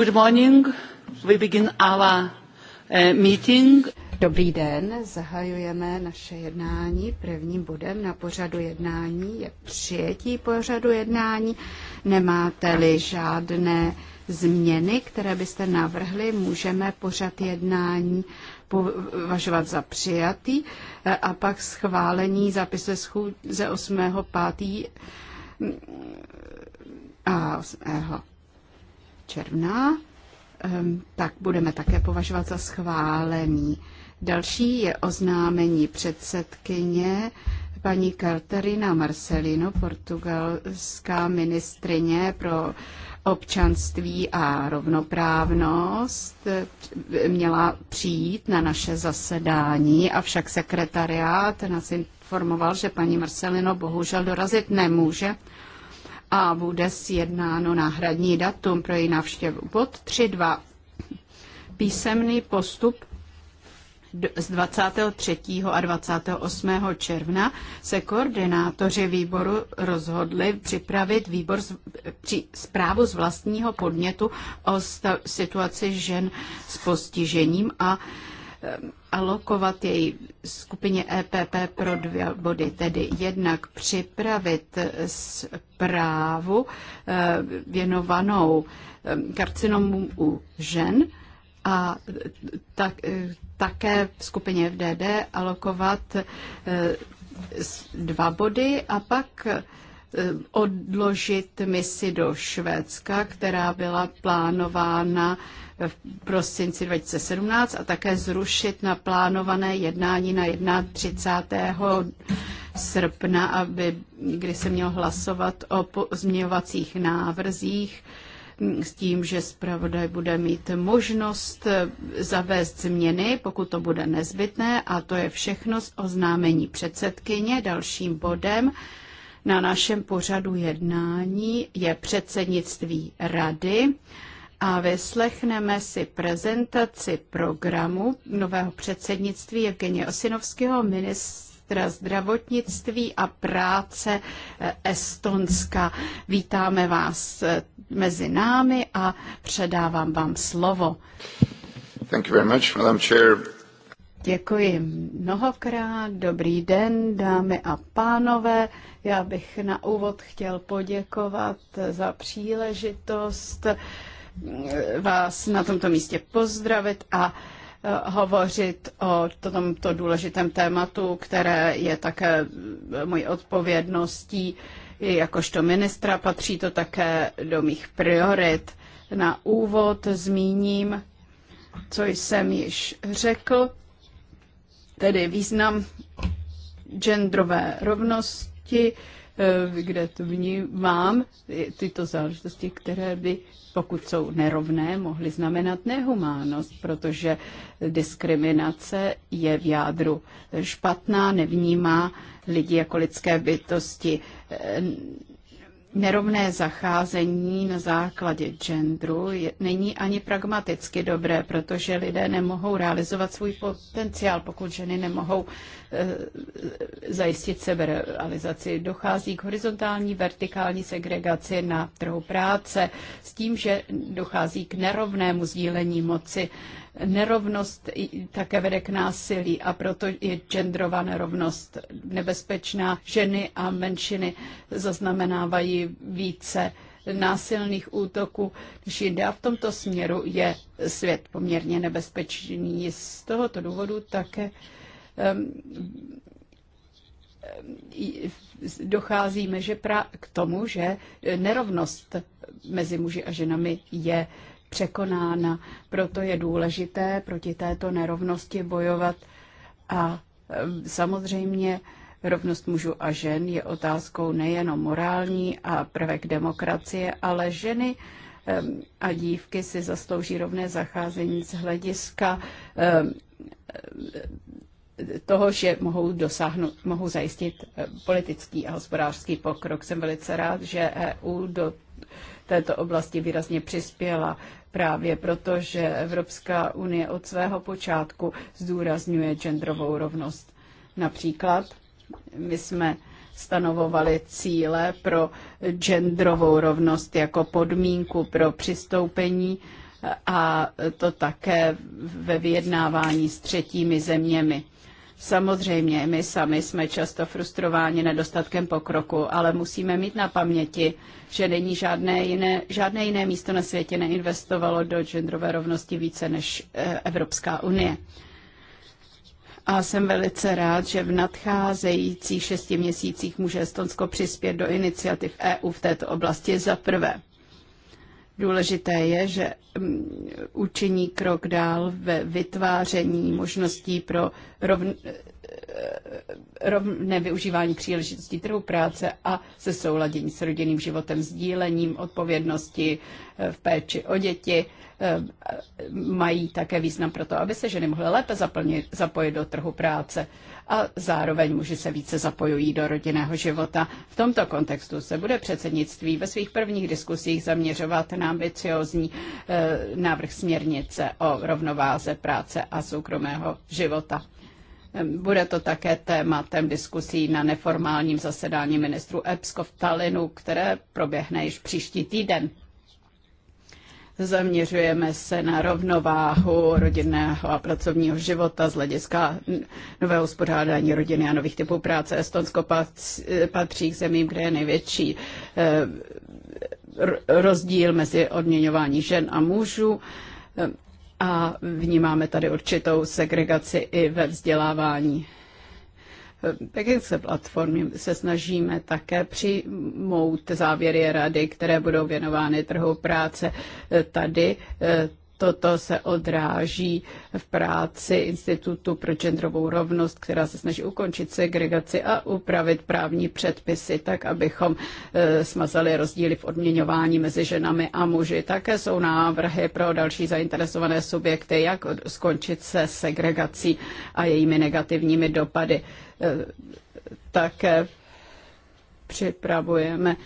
Good morning. We begin our eh, meeting. Dobrý den, zahajujeme naše jednání. Prvním bodem na pořadu jednání je přijetí pořadu jednání. Nemáte-li žádné změny, které byste navrhli, můžeme pořad jednání považovat za přijatý eh, a pak schválení zápisu schůze 8.5. Mm, a 8 června, ehm, tak budeme také považovat za schválený. Další je oznámení předsedkyně paní Katerina Marcelino, portugalská ministrině pro občanství a rovnoprávnost měla přijít na naše zasedání, avšak sekretariát nás informoval, že paní Marcelino bohužel dorazit nemůže a bude sjednáno náhradní datum pro její návštěvu. Bod 3.2. Písemný postup z 23. a 28. června se koordinátoři výboru rozhodli připravit výbor z, při, zprávu z vlastního podnětu o situaci žen s postižením a Eh, alokovat její skupině EPP pro dvě body, tedy jednak připravit zprávu eh, věnovanou eh, karcinomům u žen a tak, také v skupině FDD alokovat dva body a pak odložit misi do Švédska, která byla plánována v prosinci 2017 a také zrušit naplánované jednání na 31. srpna, aby, kdy se mělo hlasovat o pozměňovacích návrzích s tím, že zpravodaj bude mít možnost e, zavést změny, pokud to bude nezbytné. A to je všechno z oznámení předsedkyně. Dalším bodem na našem pořadu jednání je předsednictví rady a vyslechneme si prezentaci programu nového předsednictví Evgenie Osinovského, ministra zdravotnictví a práce eh, Estonska. Vítáme vás eh, mezi námi a předávám vám slovo. Thank you very much, Madam Chair. Děkuji mnohokrát. Dobrý den, dámy a pánové. Já bych na úvod chtěl poděkovat za příležitost vás na tomto místě pozdravit a eh, hovořit o tomto důležitém tématu, které je také mojí odpovědností jakožto ministra. Patří to také do mých priorit. Na úvod zmíním, co jsem již řekl, tedy význam genderové rovnosti, Eh, kde to vnímám tyto záležitosti, které by, pokud jsou nerovné, mohly znamenat nehumánost, protože diskriminace je v jádru špatná, nevnímá lidi jako lidské bytosti. Eh, nerovné zacházení na základě genderu není ani pragmaticky dobré, protože lidé nemohou realizovat svůj potenciál, pokud ženy nemohou e, zajistit seberealizaci. Dochází k horizontální, vertikální segregaci na trhu práce s tím, že dochází k nerovnému sdílení moci Nerovnost také vede k násilí a proto je genderová nerovnost nebezpečná. Ženy a menšiny zaznamenávají více násilných útoků Když jde A v tomto směru je svět poměrně nebezpečný. Z tohoto důvodu také um, docházíme že pra- k tomu, že nerovnost mezi muži a ženami je překonána. Proto je důležité proti této nerovnosti bojovat a e, samozřejmě rovnost mužů a žen je otázkou nejenom morální a prvek demokracie, ale ženy e, a dívky si zaslouží rovné zacházení z hlediska e, toho, že mohou dosáhnout, mohou zajistit politický a hospodářský pokrok. Jsem velice rád, že EU do této oblasti výrazně přispěla. Právě proto, že Evropská unie od svého počátku zdůrazňuje genderovou rovnost. Například my jsme stanovovali cíle pro genderovou rovnost jako podmínku pro přistoupení a to také ve vyjednávání s třetími zeměmi. Samozřejmě, my sami jsme často frustrováni nedostatkem pokroku, ale musíme mít na paměti, že není žádné jiné, žádné jiné místo na světě neinvestovalo do genderové rovnosti více než eh, Evropská unie. A jsem velice rád, že v nadcházejících šesti měsících může Estonsko přispět do iniciativ EU v této oblasti za prvé Důležité je, že mm, učiní krok dál ve vytváření možností pro rovn, Eh, rovné využívání příležitostí trhu práce a se souladění s rodinným životem, sdílením odpovědnosti eh, v péči o děti eh, mají také význam pro to, aby se ženy mohly lépe zaplnit, zapojit do trhu práce a zároveň muži se více zapojují do rodinného života. V tomto kontextu se bude předsednictví ve svých prvních diskusích zaměřovat na ambiciozní návrh směrnice o rovnováze práce a soukromého života. Bude to také tématem diskusí na neformálním zasedání ministru EPSCO v Talinu, které proběhne již příští týden. Zaměřujeme se na rovnováhu rodinného a pracovního života z hlediska nového uspořádání rodiny a nových typů práce. Estonsko patří k zemím, kde je největší eh, rozdíl mezi odměňování žen a mužů a vnímáme tady určitou segregaci i ve vzdělávání. se platformy se snažíme také přijmout závěry rady, které budou věnovány trhu práce. Tady eh, Toto se odráží v práci Institutu pro genderovou rovnost, která se snaží ukončit segregaci a upravit právní předpisy tak, abychom eh, smazali rozdíly v odměňování mezi ženami a muži. Také jsou návrhy pro další zainteresované subjekty, jak skončit se segregací a jejími negativními dopady. Eh, také připravujeme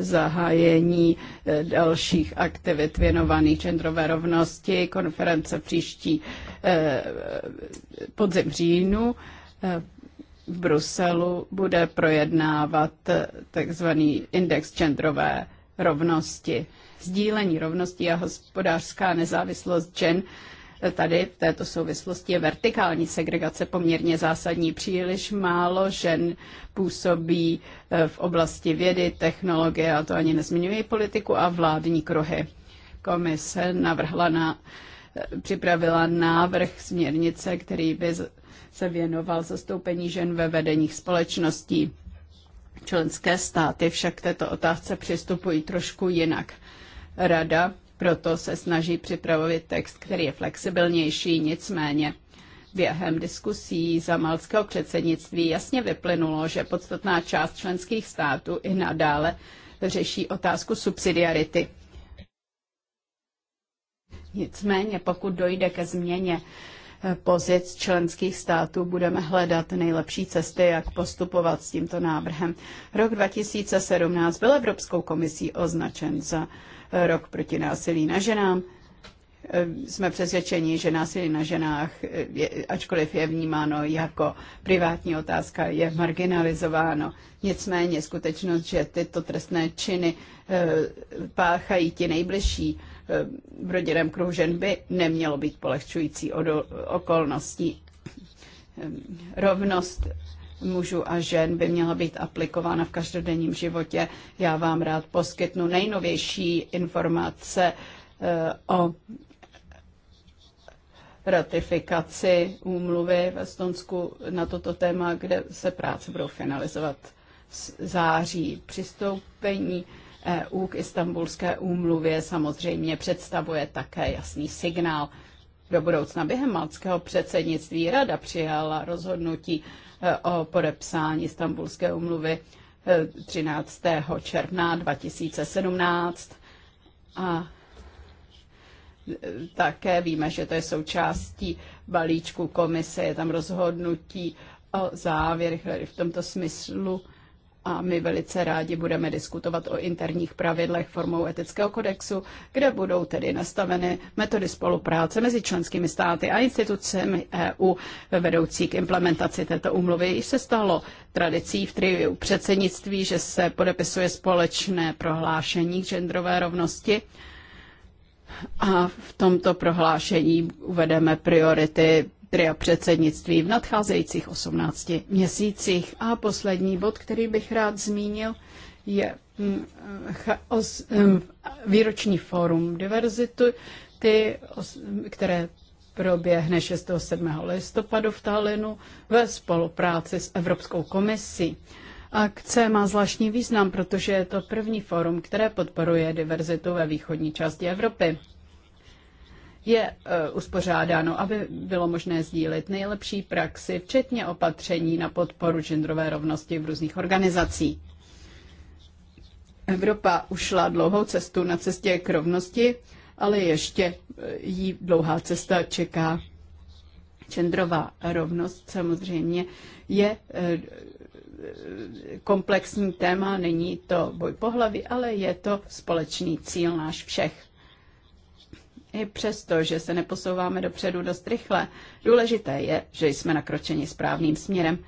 zahájení eh, dalších aktivit věnovaných genderové rovnosti, konference příští eh, podzim říjnu eh, v Bruselu bude projednávat takzvaný index genderové rovnosti. Sdílení rovnosti a hospodářská nezávislost žen Tady v této souvislosti je vertikální segregace poměrně zásadní. Příliš málo žen působí eh, v oblasti vědy, technologie, a to ani nezmiňuji politiku a vládní kruhy. Komise navrhla na, eh, připravila návrh směrnice, který by se věnoval zastoupení žen ve vedeních společností. Členské státy však k této otázce přistupují trošku jinak. Rada proto se snaží připravovat text, který je flexibilnější, nicméně Během diskusí za malského předsednictví jasně vyplynulo, že podstatná část členských států i nadále řeší otázku subsidiarity. Nicméně, pokud dojde ke změně eh, pozic členských států, budeme hledat nejlepší cesty, jak postupovat s tímto návrhem. Rok 2017 byl Evropskou komisí označen za rok proti násilí na ženám. Eh, jsme přesvědčeni, že násilí na ženách, eh, ačkoliv je vnímáno jako privátní otázka, je marginalizováno. Nicméně skutečnost, že tyto trestné činy eh, páchají ti nejbližší, v rodinném kruhu žen by nemělo být polehčující okolností. Ehm, rovnost mužů a žen by měla být aplikována v každodenním životě. Já vám rád poskytnu nejnovější informace eh, o ratifikaci úmluvy v Estonsku na toto téma, kde se práce budou finalizovat září. Přistoupení EU k istambulské úmluvě samozřejmě představuje také jasný signál do budoucna. Během malckého předsednictví rada přijala rozhodnutí Eh, o podepsání Istanbulské umluvy eh, 13. června 2017 a eh, také víme, že to je součástí balíčku komise, je tam rozhodnutí o závěrech v tomto smyslu a my velice rádi budeme diskutovat o interních pravidlech formou etického kodexu, kde budou tedy nastaveny metody spolupráce mezi členskými státy a institucemi EU vedoucí k implementaci této úmluvy. Již se stalo tradicí v triu předsednictví, že se podepisuje společné prohlášení k genderové rovnosti. A v tomto prohlášení uvedeme priority tria předsednictví v nadcházejících 18 měsících. A poslední bod, který bych rád zmínil, je mm, mm, výroční fórum diverzity, které proběhne 6. 7. listopadu v Talinu ve spolupráci s Evropskou komisí. Akce má zvláštní význam, protože je to první fórum, které podporuje diverzitu ve východní části Evropy je eh, uspořádáno, aby bylo možné sdílit nejlepší praxi, včetně opatření na podporu genderové rovnosti v různých organizacích. Evropa ušla dlouhou cestu na cestě k rovnosti, ale ještě eh, jí dlouhá cesta čeká. Čendrová rovnost samozřejmě je eh, komplexní téma, není to boj pohlavy, ale je to společný cíl náš všech i přesto, že se neposouváme dopředu dost rychle, důležité je, že jsme nakročeni správným směrem.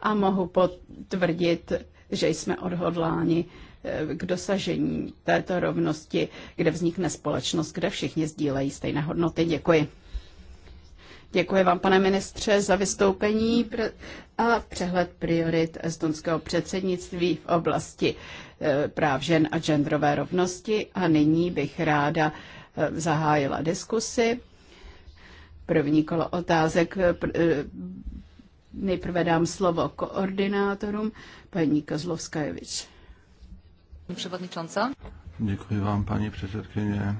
A mohu potvrdit, že jsme odhodláni eh, k dosažení této rovnosti, kde vznikne společnost, kde všichni sdílejí stejné hodnoty. Děkuji. Děkuji vám, pane ministře, za vystoupení a přehled priorit estonského předsednictví v oblasti eh, práv žen a genderové rovnosti. A nyní bych ráda Eh, zahájila diskusi. První kolo otázek. Eh, eh, nejprve dám slovo koordinátorům, paní Kozlovskajevič. Děkuji vám, paní předsedkyně.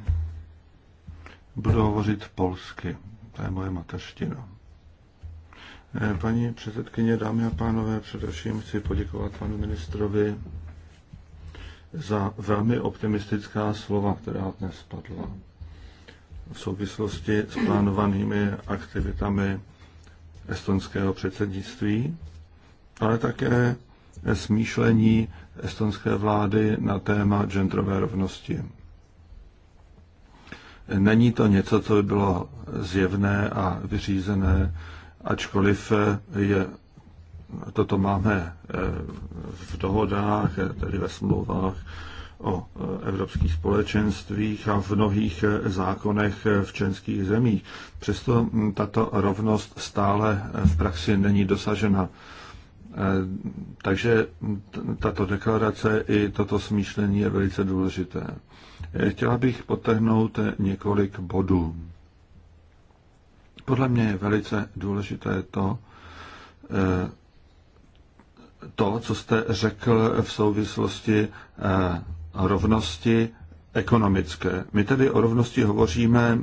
Budu hovořit polsky, to je moje mateřština. Paní předsedkyně, dámy a pánové, především chci poděkovat panu ministrovi za velmi optimistická slova, která dnes padla v souvislosti s plánovanými aktivitami estonského předsednictví, ale také smýšlení estonské vlády na téma genderové rovnosti. Není to něco, co by bylo zjevné a vyřízené, ačkoliv je, toto máme eh, v dohodách, tedy ve smlouvách, o e, evropských společenstvích a v mnohých e, zákonech e, v českých zemích. Přesto tato rovnost stále v praxi není dosažena. Takže tato deklarace i toto smýšlení je velice důležité. Chtěla bych potrhnout několik bodů. Podle mě je velice důležité to, to, co jste řekl v souvislosti rovnosti ekonomické. My tedy o rovnosti hovoříme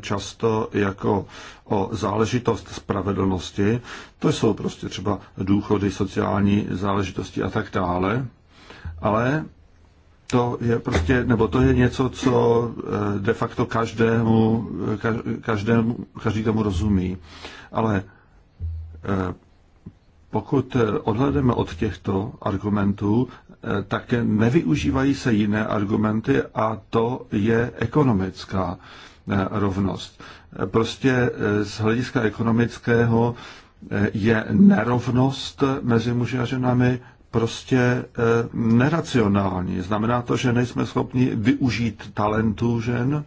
často jako o záležitost spravedlnosti. To jsou prostě třeba důchody, sociální záležitosti a tak dále. Ale to je prostě, nebo to je něco, co eh, de facto každému, každému, každý tomu rozumí. Ale eh, pokud odhledeme od těchto argumentů, Eh, tak nevyužívají se jiné argumenty a to je ekonomická eh, rovnost. Eh, prostě z hlediska ekonomického je nerovnost mezi muži a ženami prostě neracionální. Znamená to, že nejsme schopni využít talentů žen,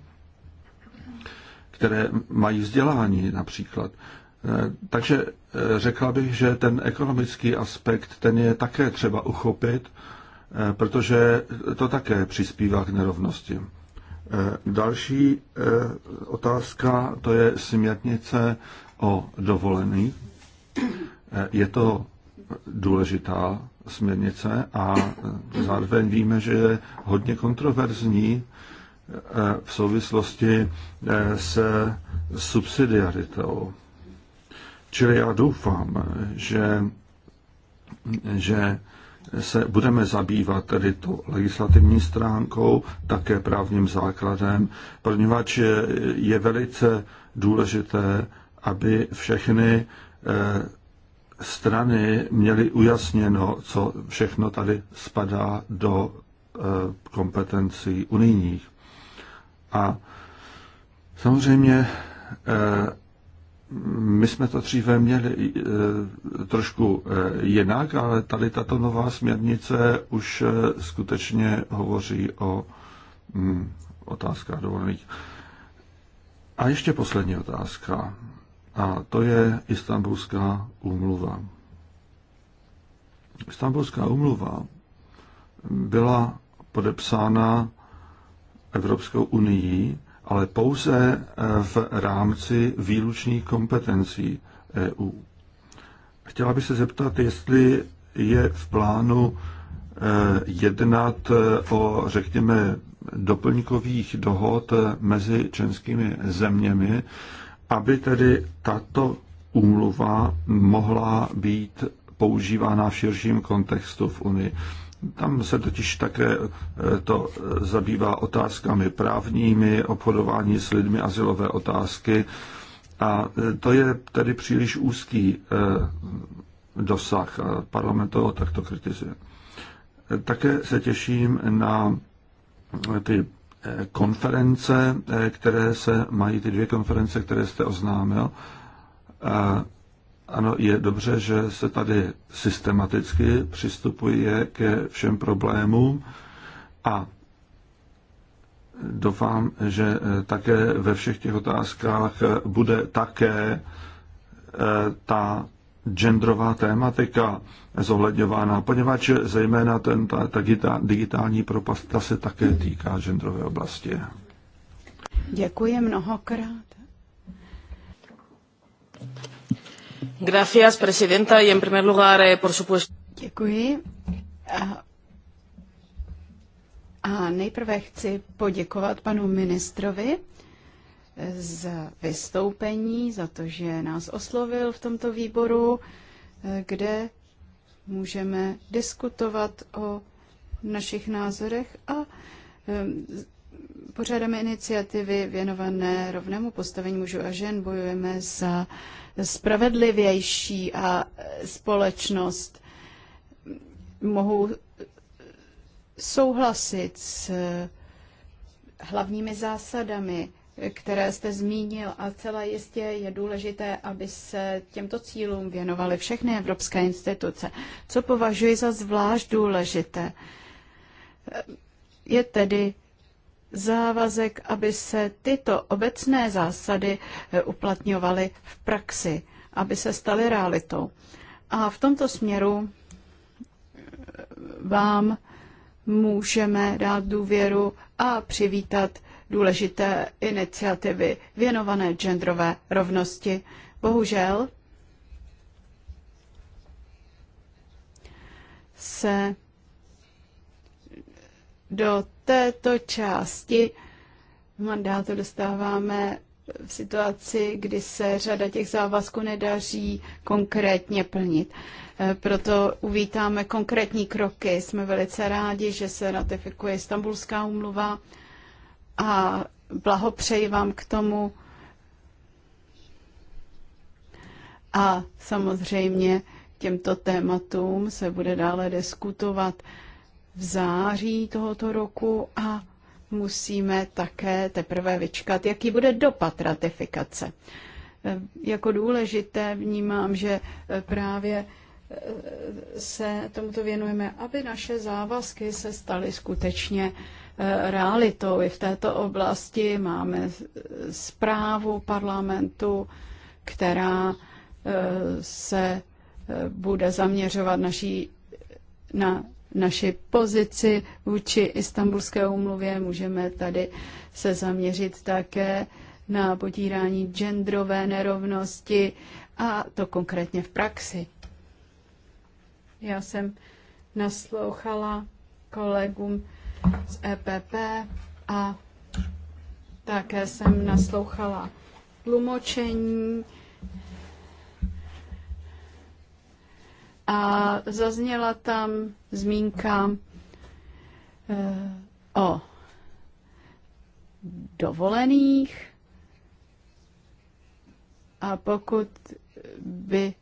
které mají vzdělání například. Takže řekla bych, že ten ekonomický aspekt, ten je také třeba uchopit Eh, protože to také přispívá k nerovnosti. Eh, další eh, otázka, to je směrnice o dovolený. Je to důležitá směrnice a zároveň víme, že je hodně kontroverzní v souvislosti se subsidiaritou. Čili já doufám, že, že se budeme zabývat tedy tu legislativní stránkou, také právním základem, poněvadž je velice důležité, aby všechny eh, strany měly ujasněno, co všechno tady spadá do eh, kompetencí unijních. A samozřejmě eh, my jsme to dříve měli eh, trošku eh, jinak, ale tady tato nová směrnice už eh, skutečně hovoří o hm, otázkách dovolených. A ještě poslední otázka. A to je Istanbulská úmluva. Istanbulská úmluva byla podepsána Evropskou unii ale pouze eh, v rámci výlučných kompetencí EU. Chtěla bych se zeptat, jestli je v plánu eh, jednat eh, o, řekněme, doplňkových dohod mezi členskými zeměmi, aby tedy tato úmluva mohla být používána v širším kontextu v Unii. Tam se totiž také eh, to eh, zabývá otázkami právními, obchodování s lidmi, asilové otázky. A eh, to je tedy příliš úzký dosah. parlament toho takto kritizuje. Také se těším na ty konference, které se mají, ty dvě konference, které jste oznámil ano, je dobře, že se tady systematicky přistupuje ke všem problémům a doufám, že eh, také ve všech těch otázkách eh, bude také eh, ta genderová tématika zohledňována, poněvadž zejména ten, ta, ta digitální propast ta se také týká genderové oblasti. Děkuji mnohokrát. Gracias, presidenta, y en primer lugar, eh, por supuesto. Děkuji. A, a nejprve chci poděkovat panu ministrovi eh, za vystoupení, za to, že nás oslovil v tomto výboru, eh, kde můžeme diskutovat o našich názorech a eh, pořádáme iniciativy věnované rovnému postavení mužů a žen, bojujeme za spravedlivější a společnost. Mohu souhlasit s hlavními zásadami, které jste zmínil a celé jistě je důležité, aby se těmto cílům věnovaly všechny evropské instituce. Co považuji za zvlášť důležité, je tedy závazek, aby se tyto obecné zásady eh, uplatňovaly v praxi, aby se staly realitou. A v tomto směru eh, vám můžeme dát důvěru a přivítat důležité iniciativy věnované genderové rovnosti. Bohužel se do této části mandátu dostáváme v situaci, kdy se řada těch závazků nedaří konkrétně plnit. Eh, proto uvítáme konkrétní kroky. Jsme velice rádi, že se ratifikuje Istanbulská umluva a blahopřeji vám k tomu. A samozřejmě těmto tématům se bude dále diskutovat v září tohoto roku a musíme také teprve vyčkat, jaký bude dopad ratifikace. Eh, jako důležité vnímám, že eh, právě eh, se tomuto věnujeme, aby naše závazky se staly skutečně realitou. I v této oblasti máme zprávu parlamentu, která se bude zaměřovat naší, na naši pozici vůči istambulské umluvě, Můžeme tady se zaměřit také na potírání genderové nerovnosti a to konkrétně v praxi. Já jsem naslouchala kolegům z EPP a také jsem naslouchala tlumočení a zazněla tam zmínka eh, o dovolených a pokud by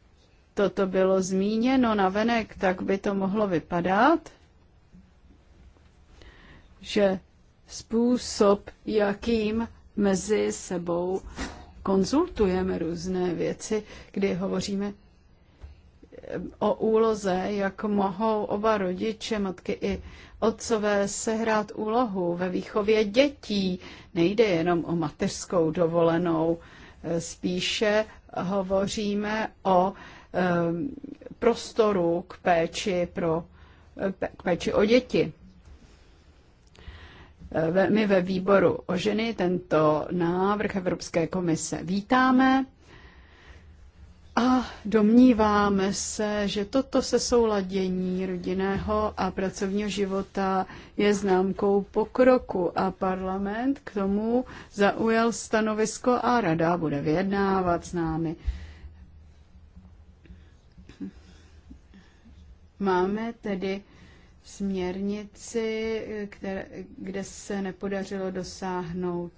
toto bylo zmíněno na venek, tak by to mohlo vypadat, že způsob, jakým mezi sebou konzultujeme různé věci, kdy hovoříme o úloze, jak mohou oba rodiče, matky i otcové sehrát úlohu ve výchově dětí. Nejde jenom o mateřskou dovolenou, eh, spíše hovoříme o eh, prostoru k péči, pro, eh, k péči o děti. My ve výboru o ženy tento návrh Evropské komise vítáme a domníváme se, že toto se souladění rodinného a pracovního života je známkou pokroku a parlament k tomu zaujal stanovisko a rada bude vyjednávat s námi. Máme tedy směrnici, které, kde se nepodařilo dosáhnout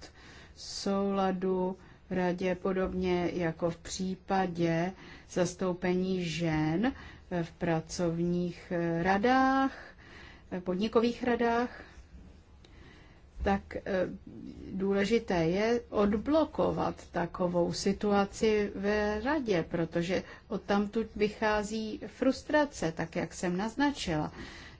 souladu radě, podobně jako v případě zastoupení žen v pracovních radách, podnikových radách, tak eh, důležité je odblokovat takovou situaci ve radě, protože odtamtud vychází frustrace, tak jak jsem naznačila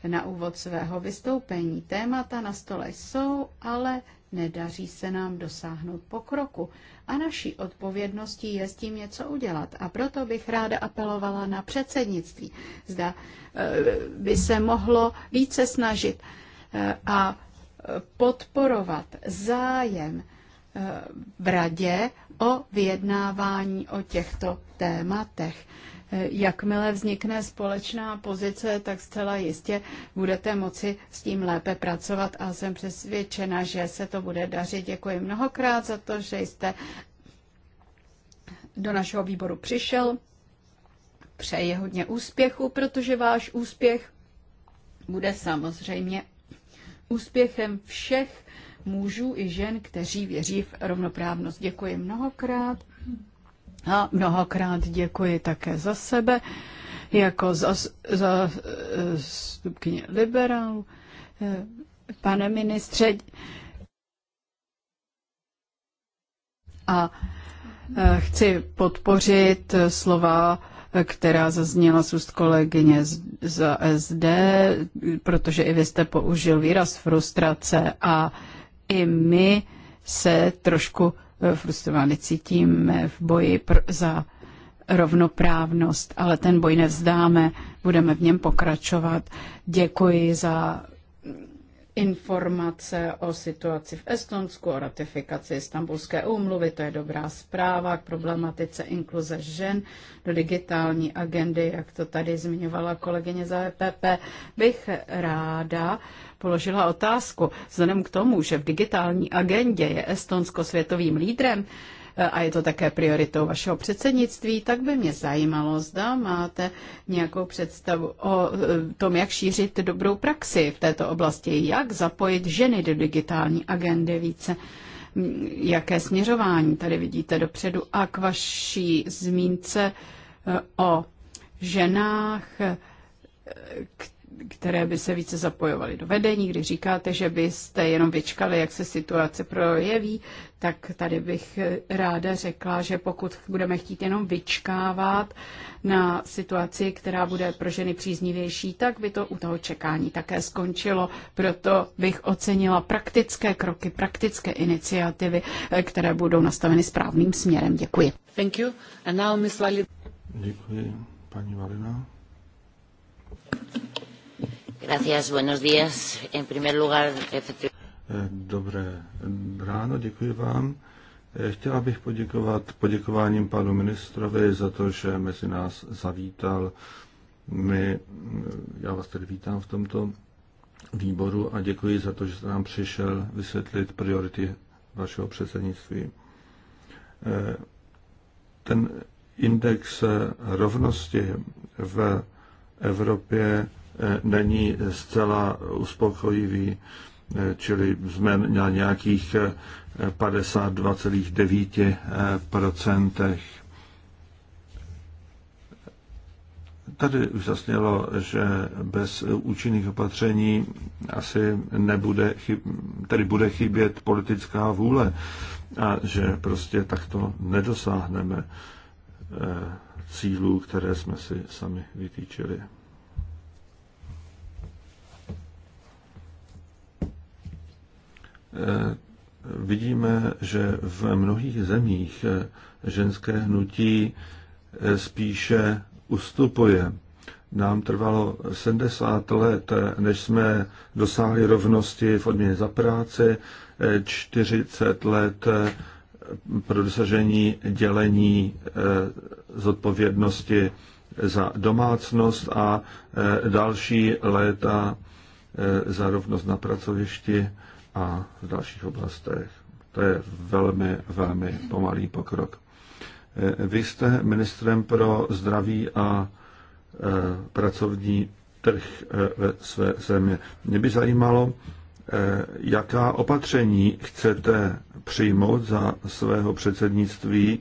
na úvod svého vystoupení. Témata na stole jsou, ale nedaří se nám dosáhnout pokroku a naší odpovědností je s tím něco udělat. A proto bych ráda apelovala na předsednictví. Zda eh, by se mohlo více snažit eh, a eh, podporovat zájem v radě o vyjednávání o těchto tématech. Jakmile vznikne společná pozice, tak zcela jistě budete moci s tím lépe pracovat a jsem přesvědčena, že se to bude dařit. Děkuji mnohokrát za to, že jste do našeho výboru přišel. Přeji hodně úspěchu, protože váš úspěch bude samozřejmě úspěchem všech mužů i žen, kteří věří v rovnoprávnost. Děkuji mnohokrát. A mnohokrát děkuji také za sebe, jako za, za stupkyně liberálů. Pane ministře, a e, chci podpořit slova která zazněla z úst kolegyně za SD, protože i vy jste použil výraz frustrace a i my se trošku frustrovány eh, prostě cítíme eh, v boji pr- za rovnoprávnost, ale ten boj nevzdáme, budeme v něm pokračovat. Děkuji za informace o situaci v Estonsku, o ratifikaci Istanbulské úmluvy, to je dobrá zpráva k problematice inkluze žen do digitální agendy, jak to tady zmiňovala kolegyně za EPP, bych ráda položila otázku. Vzhledem k tomu, že v digitální agendě je Estonsko světovým lídrem, eh, a je to také prioritou vašeho předsednictví, tak by mě zajímalo, zda máte nějakou představu o eh, tom, jak šířit dobrou praxi v této oblasti, jak zapojit ženy do digitální agendy více mm, jaké směřování tady vidíte dopředu a k vaší zmínce eh, o ženách, které by se více zapojovaly do vedení. Když říkáte, že byste jenom vyčkali, jak se situace projeví, tak tady bych ráda řekla, že pokud budeme chtít jenom vyčkávat na situaci, která bude pro ženy příznivější, tak by to u toho čekání také skončilo. Proto bych ocenila praktické kroky, praktické iniciativy, které budou nastaveny správným směrem. Děkuji. Thank you. And now Miss Lali... Děkuji, paní Valina. Gracias, buenos días. En primer lugar, Dobré ráno, děkuji vám. Eh, chtěla bych poděkovat poděkováním panu ministrovi za to, že mezi nás zavítal. My, eh, já vás tedy vítám v tomto výboru a děkuji za to, že jste nám přišel vysvětlit priority vašeho předsednictví. Eh, ten index rovnosti v Evropě není zcela uspokojivý, čili jsme na nějakých 52,9%. Tady už zasnělo, že bez účinných opatření asi nebude, tedy bude chybět politická vůle a že prostě takto nedosáhneme eh, cílů, které jsme si sami vytýčili. Eh, vidíme, že v mnohých zemích eh, ženské hnutí eh, spíše ustupuje. Nám trvalo 70 let, než jsme dosáhli rovnosti v odměně za práci, 40 let pro dosažení dělení zodpovědnosti za domácnost a další léta za rovnost na pracovišti a v dalších oblastech. To je velmi, velmi pomalý pokrok. E, vy jste ministrem pro zdraví a e, pracovní trh e, ve své země. Mě by zajímalo, jaká opatření chcete přijmout za svého předsednictví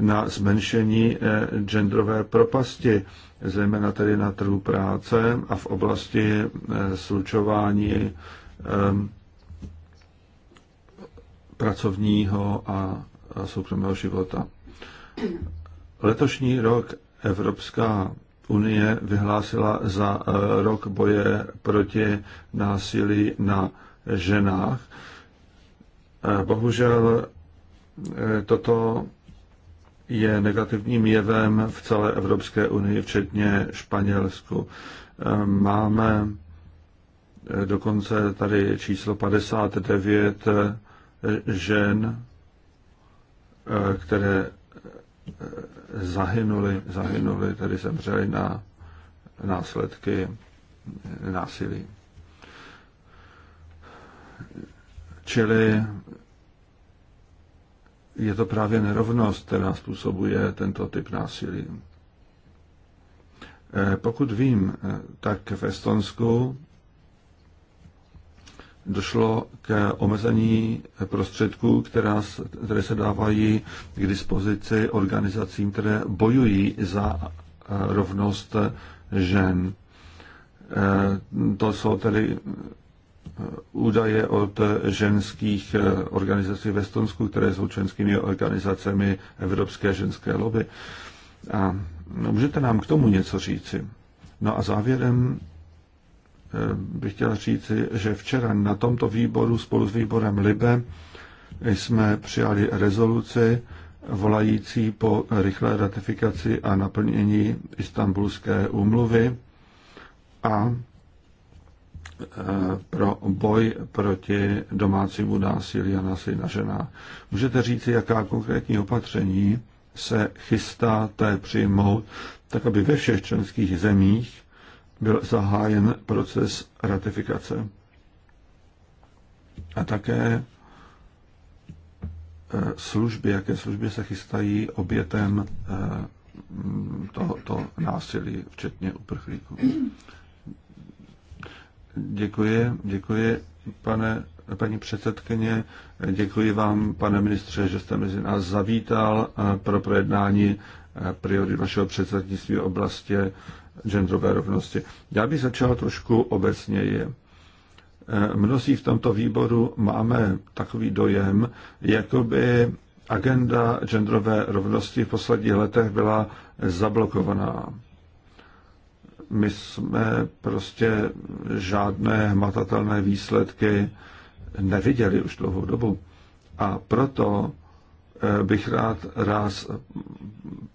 na zmenšení genderové propasti, zejména tedy na trhu práce a v oblasti slučování pracovního a soukromého života. Letošní rok Evropská unie vyhlásila za e, rok boje proti násilí na ženách. E, bohužel e, toto je negativním jevem v celé Evropské unii, včetně Španělsku. Máme dokonce tady číslo 59 žen, eh, které zahynuly, eh, zahynuly, tedy zemřely na následky eh, násilí. Čili je to právě nerovnost, která způsobuje tento typ násilí. Pokud vím, tak v Estonsku došlo k omezení prostředků, která, které se dávají k dispozici organizacím, které bojují za eh, rovnost žen. Eh, to jsou tedy eh, údaje od ženských organizací ve Estonsku, které jsou členskými organizacemi Evropské ženské lobby. A můžete nám k tomu něco říci? No a závěrem Eh, bych chtěl říct, že včera na tomto výboru spolu s výborem LIBE jsme přijali rezoluci volající po rychlé ratifikaci a naplnění Istanbulské úmluvy a eh, pro boj proti domácímu násilí a násilí na ženách. Můžete říct, jaká konkrétní opatření se chystáte přijmout, tak aby ve všech členských zemích byl zahájen proces ratifikace. A také e, služby, jaké služby se chystají obětem e, tohoto násilí, včetně uprchlíků. Děkuji, děkuji, pane, paní předsedkyně, děkuji vám, pane ministře, že jste mezi nás zavítal e, pro projednání priory vašeho předsednictví v oblasti genderové rovnosti. Já bych začal trošku obecněji. Eh, mnozí v tomto výboru máme takový dojem, jakoby agenda genderové rovnosti v posledních letech byla zablokovaná. My jsme prostě žádné hmatatelné výsledky neviděli už dlouhou dobu. A proto bych rád ráz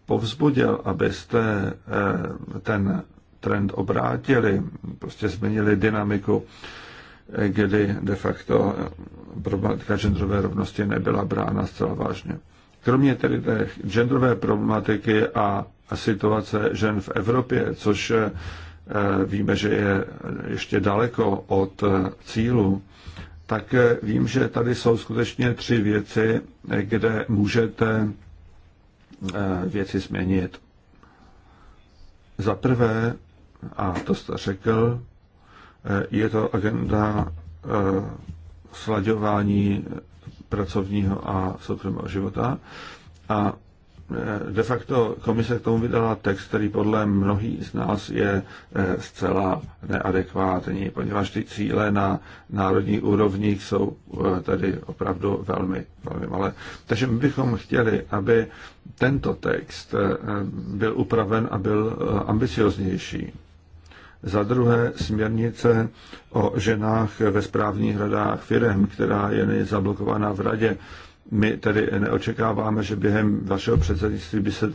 povzbudil, abyste eh, ten trend obrátili, prostě změnili dynamiku, eh, kdy de facto eh, problematika genderové rovnosti nebyla brána zcela vážně. Kromě tedy té genderové problematiky a situace žen v Evropě, což víme, že je ještě daleko od cílu, tak vím, že tady jsou skutečně tři věci, kde můžete eh, věci změnit. Za prvé, a to jste řekl, eh, je to agenda eh, slaďování pracovního a soukromého života. A Eh, de facto komise k tomu vydala text, který podle mnohých z nás je eh, zcela neadekvátní, poněvadž ty cíle na národní úrovních jsou eh, tady opravdu velmi, velmi malé. Takže my bychom chtěli, aby tento text byl upraven a byl ambicioznější. Za druhé směrnice o ženách ve správních radách firem, která je zablokovaná v radě my tedy neočekáváme, že během vašeho předsednictví by se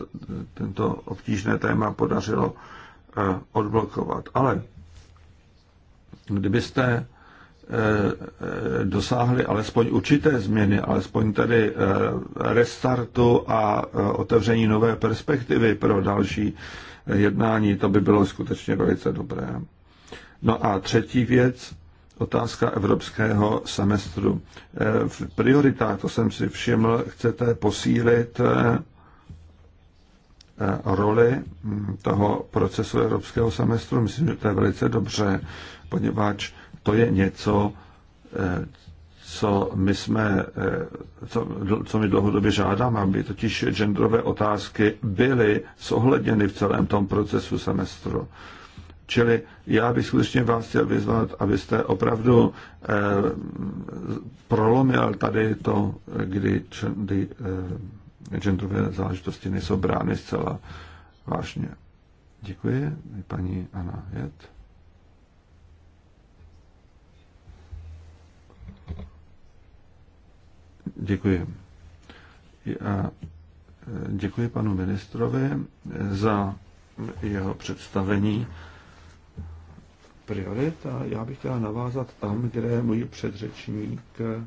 tento obtížné téma podařilo eh, odblokovat. Ale kdybyste eh, eh, dosáhli alespoň určité změny, alespoň tedy restartu a otevření nové perspektivy pro další jednání, to by bylo skutečně velice dobré. No a třetí věc, otázka evropského semestru. Eh, v prioritách, to jsem si všiml, chcete posílit eh, roli hm, toho procesu evropského semestru. Myslím, že to je velice dobře, poněvadž to je něco, eh, co my jsme, co, co my dlouhodobě žádáme, aby totiž genderové otázky byly zohledněny v celém tom procesu semestru. Čili já bych skutečně vás chtěl vyzvat, abyste opravdu eh, prolomil tady to, kdy, kdy eh, genderové záležitosti nejsou brány zcela vážně. Děkuji, paní Anna Jet. Děkuji. Já eh, děkuji panu ministrovi eh, za jeho představení priorit a já bych chtěla navázat tam, kde můj předřečník eh,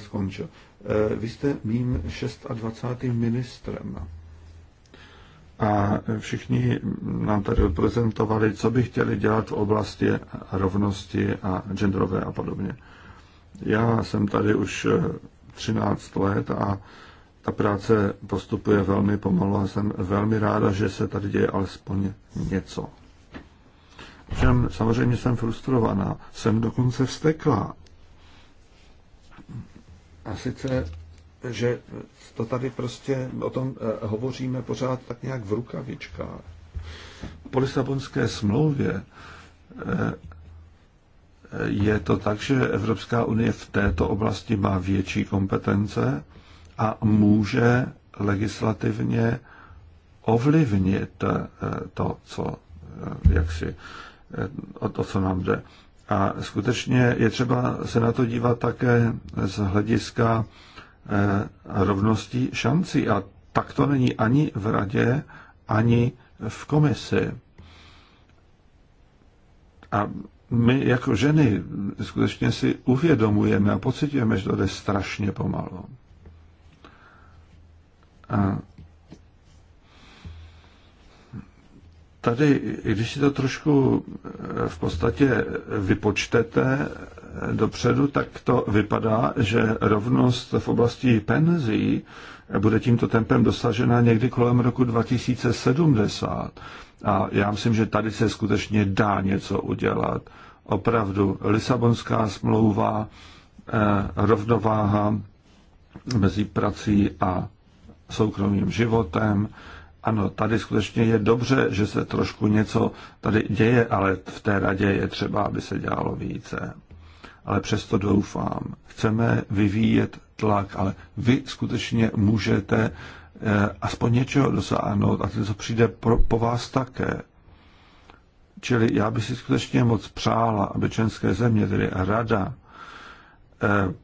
skončil. Eh, vy jste mým 26. ministrem. A všichni nám tady odprezentovali, co by chtěli dělat v oblasti rovnosti a genderové a podobně. Já jsem tady už 13 eh, let a ta práce postupuje velmi pomalu a jsem velmi ráda, že se tady děje alespoň něco. Ovšem samozřejmě jsem frustrovaná. Jsem dokonce vstekla. A sice, že to tady prostě o tom eh, hovoříme pořád tak nějak v rukavičkách. Po Lisabonské smlouvě eh, je to tak, že Evropská unie v této oblasti má větší kompetence a může legislativně ovlivnit eh, to, co jak si o to, co nám jde. A skutečně je třeba se na to dívat také z hlediska eh, rovnosti šancí. A tak to není ani v radě, ani v komisi. A my jako ženy skutečně si uvědomujeme a pocitujeme, že to jde strašně pomalu. A tady, když si to trošku eh, v podstatě vypočtete eh, dopředu, tak to vypadá, že rovnost v oblasti penzí eh, bude tímto tempem dosažena někdy kolem roku 2070. A já myslím, že tady se skutečně dá něco udělat. Opravdu, Lisabonská smlouva, rovnováha mezi prací a soukromým životem, ano, tady skutečně je dobře, že se trošku něco tady děje, ale v té radě je třeba, aby se dělalo více. Ale přesto doufám, chceme vyvíjet tlak, ale vy skutečně můžete eh, aspoň něčeho dosáhnout a to, co přijde pro, po vás také. Čili já bych si skutečně moc přála, aby české země, tedy rada,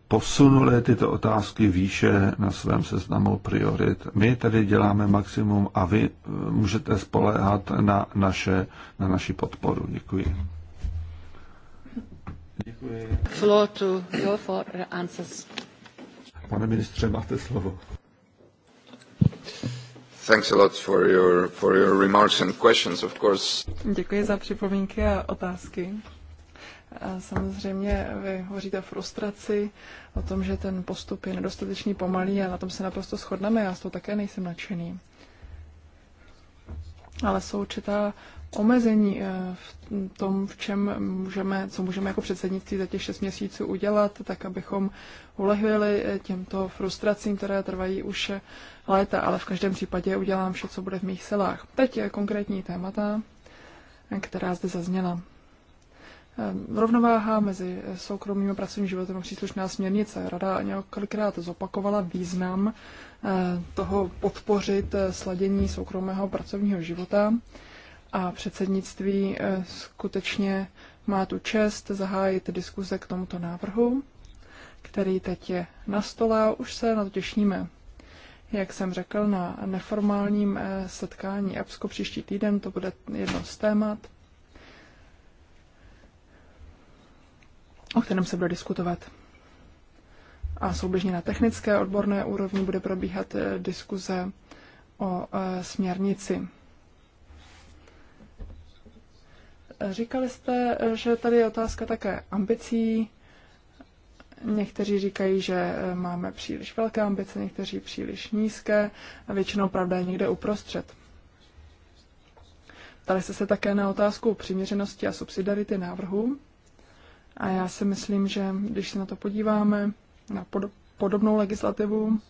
posunuli tyto otázky výše na svém seznamu priorit. My tady děláme maximum a vy eh, můžete spoléhat na, naše, na naši podporu. Děkuji. Děkuji. Floor to for answers. Pane ministře, máte slovo. Thanks a lot for your, for your remarks and questions, of course. Děkuji za připomínky a otázky. Samozřejmě vy hovoříte o frustraci, o tom, že ten postup je nedostatečný pomalý a na tom se naprosto shodneme, já s toho také nejsem nadšený. Ale jsou určitá omezení eh, v tom, v čem můžeme, co můžeme jako předsednictví za těch šest měsíců udělat, tak abychom ulehvili eh, těmto frustracím, které trvají už eh, léta, ale v každém případě udělám vše, co bude v mých silách. Teď je konkrétní témata, která zde zazněla. Ehm, rovnováha mezi eh, soukromým a pracovním životem a příslušná směrnice. Rada několikrát zopakovala význam eh, toho podpořit eh, sladění soukromého pracovního života a předsednictví skutečně má tu čest zahájit diskuze k tomuto návrhu, který teď je na stole a už se na to těšíme. Jak jsem řekl, na neformálním setkání EBSCO příští týden to bude jedno z témat – o kterém se bude diskutovat. A souběžně na technické odborné úrovni bude probíhat eh, diskuze o eh, směrnici. Eh, říkali jste, že tady je otázka také ambicí. Někteří říkají, že máme příliš velké ambice, někteří příliš nízké a většinou pravda je někde uprostřed. Tady jste se také na otázku přiměřenosti a subsidiarity návrhu. A já si myslím, že když se na to podíváme, na podobnou legislativu,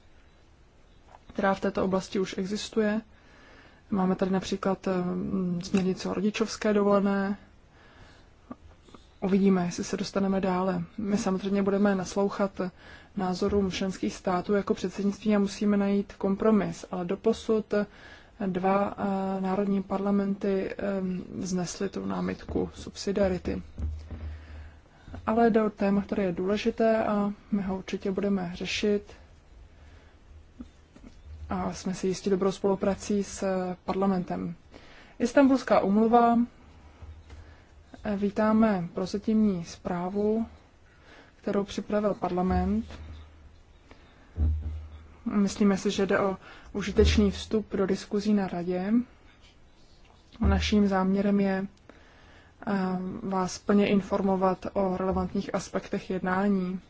která v této oblasti už existuje, máme tady například mm, směrnici o rodičovské dovolené, Uvidíme, jestli se dostaneme dále. My samozřejmě budeme naslouchat názorům členských států jako předsednictví a musíme najít kompromis, ale doposud dva eh, národní parlamenty eh, vznesly tu námitku subsidiarity ale jde o téma, které je důležité a my ho určitě budeme řešit. A jsme si jistí dobrou spoluprací s parlamentem. Istanbulská umluva. Vítáme prozatímní zprávu, kterou připravil parlament. Myslíme si, že jde o užitečný vstup do diskuzí na radě. Naším záměrem je vás plně informovat o relevantních aspektech jednání,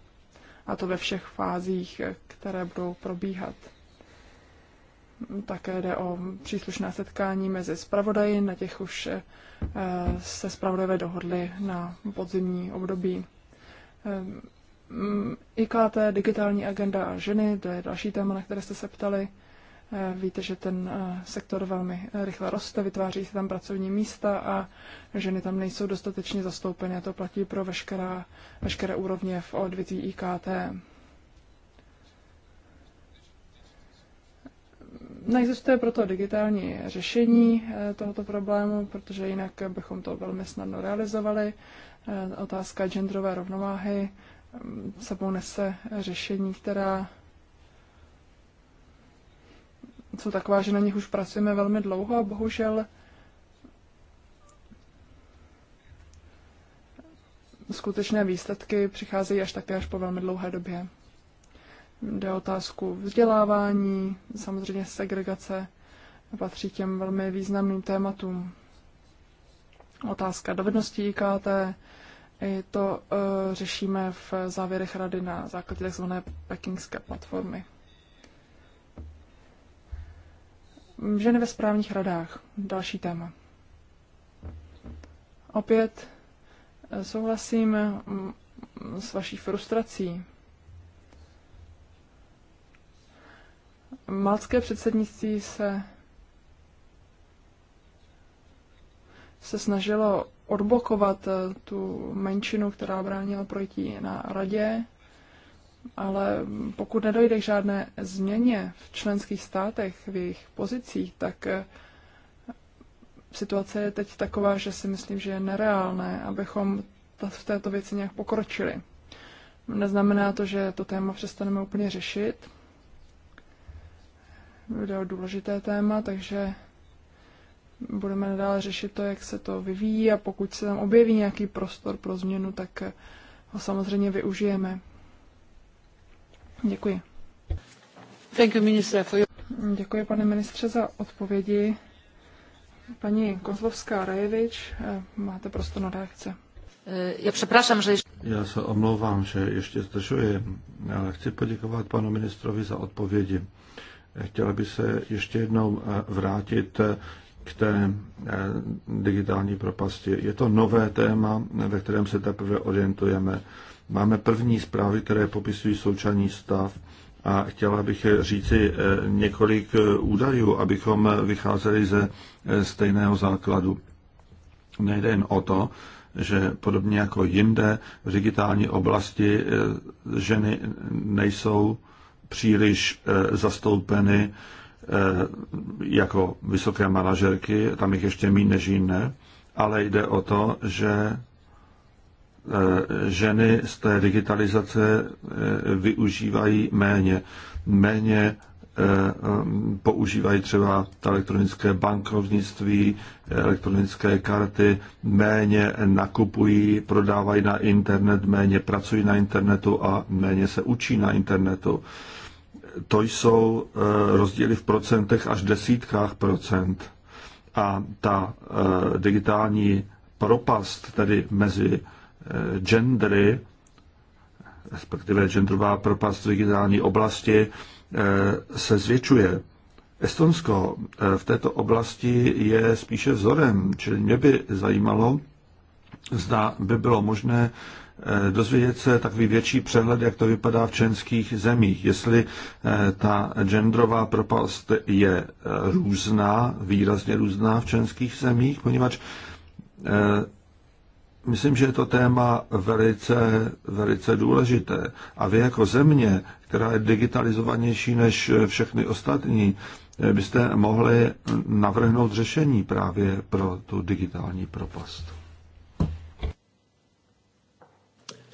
a to ve všech fázích, které budou probíhat. Také jde o příslušné setkání mezi zpravodaji, na těch už eh, se zpravodajové dohodli na podzimní období. Ehm, IKT, digitální agenda a ženy, to je další téma, na které jste se ptali. Eh, víte, že ten eh, sektor velmi eh, rychle roste, vytváří se tam pracovní místa a ženy tam nejsou dostatečně zastoupeny. A to platí pro veškerá, veškeré úrovně v odvětví IKT. Neexistuje proto digitální řešení tohoto problému, protože jinak bychom to velmi snadno realizovali. Otázka genderové rovnováhy mm, sebou nese řešení, která jsou taková, že na nich už pracujeme velmi dlouho a bohužel skutečné výsledky přicházejí až také až po velmi dlouhé době. Jde o otázku vzdělávání, samozřejmě segregace patří těm velmi významným tématům. Otázka dovedností IKT, i to uh, řešíme v závěrech rady na základě tzv. pekingské platformy. Ženy ve správních radách. Další téma. Opět eh, souhlasím mm, s vaší frustrací. Malcké předsednictví se se snažilo odblokovat eh, tu menšinu, která bránila projití na radě ale pokud nedojde k žádné změně v členských státech, v jejich pozicích, tak eh, situace je teď taková, že si myslím, že je nereálné, abychom v této věci nějak pokročili. Neznamená to, že to téma přestaneme úplně řešit. Bude o důležité téma, takže budeme nadále řešit to, jak se to vyvíjí a pokud se tam objeví nějaký prostor pro změnu, tak eh, ho samozřejmě využijeme. Děkuji. Děkuji, pane ministře, za odpovědi. Paní Kozlovská Rajevič, eh, máte prostor na reakce. Eh, já přepraszam, že... Já se omlouvám, že ještě zdržuji, ale chci poděkovat panu ministrovi za odpovědi. Eh, chtěla by se ještě jednou vrátit k té digitální propasti. Je to nové téma, ve kterém se teprve orientujeme. Máme první zprávy, které popisují současný stav a chtěla bych říci eh, několik eh, údajů, abychom vycházeli ze eh, stejného základu. Nejde jen o to, že podobně jako jinde v digitální oblasti ženy nejsou příliš zastoupeny jako vysoké manažerky, tam jich ještě méně než jiné, ale jde o to, že Eh, ženy z té digitalizace eh, využívají méně. Méně eh, mm, používají třeba elektronické bankovnictví, elektronické karty, méně nakupují, prodávají na internet, méně pracují na internetu a méně se učí na internetu. To jsou rozdíly v procentech až desítkách procent. A ta digitální propast, tedy mezi gendery, respektive genderová propast v digitální oblasti eh, se zvětšuje. Estonsko eh, v této oblasti je spíše vzorem, čili mě by zajímalo, zda by bylo možné eh, dozvědět se takový větší přehled, jak to vypadá v členských zemích. Jestli ta genderová propast je různá, výrazně různá v členských zemích, poněvadž Myslím, že je to téma velice, velice důležité. A vy jako země, která je digitalizovanější než všechny ostatní, byste mohli navrhnout řešení právě pro tu digitální propast.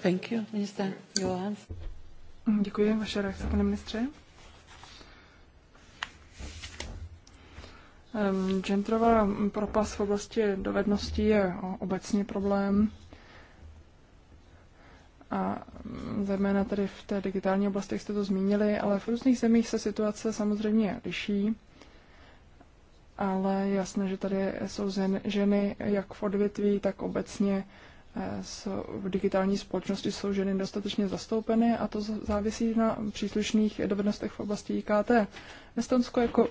Thank you, minister Johans. Děkuji, vaše reakce, pane ministře. Genderová propast v oblasti dovedností je obecně problém. A mm, zejména tady v té digitální oblasti, jak jste to zmínili, ale v různých zemích se situace samozřejmě liší. Ale jasné, že tady jsou ženy jak v odvětví, tak obecně eh, v digitální společnosti jsou ženy dostatečně zastoupeny a to závisí na příslušných dovednostech v oblasti IKT. Estonsko jako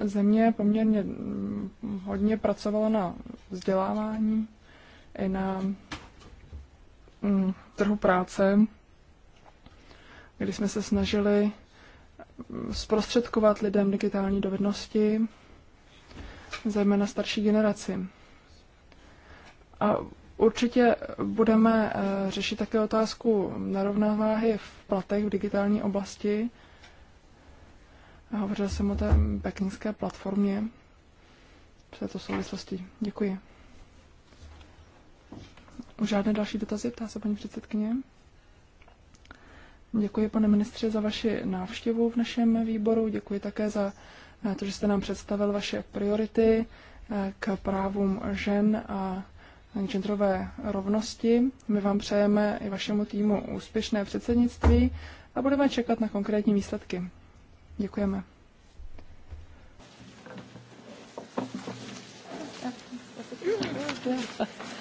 země poměrně mm, hodně pracovala na vzdělávání i na mm, trhu práce, kdy jsme se snažili mm, zprostředkovat lidem digitální dovednosti, zejména starší generaci. A určitě budeme eh, řešit také otázku narovnáváhy v platech v digitální oblasti, Hovořil jsem o té pekinské platformě v této souvislosti. Děkuji. Už žádné další dotazy, ptá se paní předsedkyně. Děkuji, pane ministře, za vaši návštěvu v našem výboru. Děkuji také za eh, to, že jste nám představil vaše priority eh, k právům žen a genderové rovnosti. My vám přejeme i vašemu týmu úspěšné předsednictví a budeme čekat na konkrétní výsledky. Děkujeme. Thank you.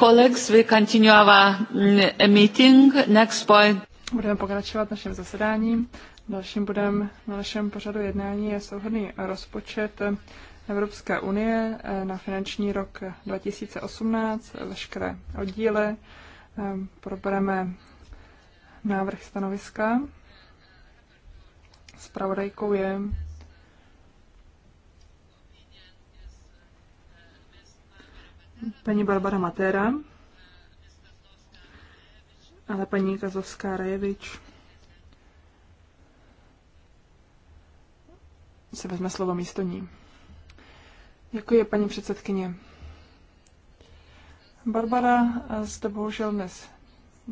colleagues, we continue our mm, meeting. Next point. Budeme pokračovat naším zasedáním. Dalším budem na našem pořadu jednání je souhrný rozpočet Evropské unie eh, na finanční rok 2018, veškeré oddíly. Eh, probereme návrh stanoviska. Spravodajkou je paní Barbara Matera, ale paní Kazovská Rajevič se vezme slovo místo ní. Děkuji, paní předsedkyně. Barbara eh, zde bohužel dnes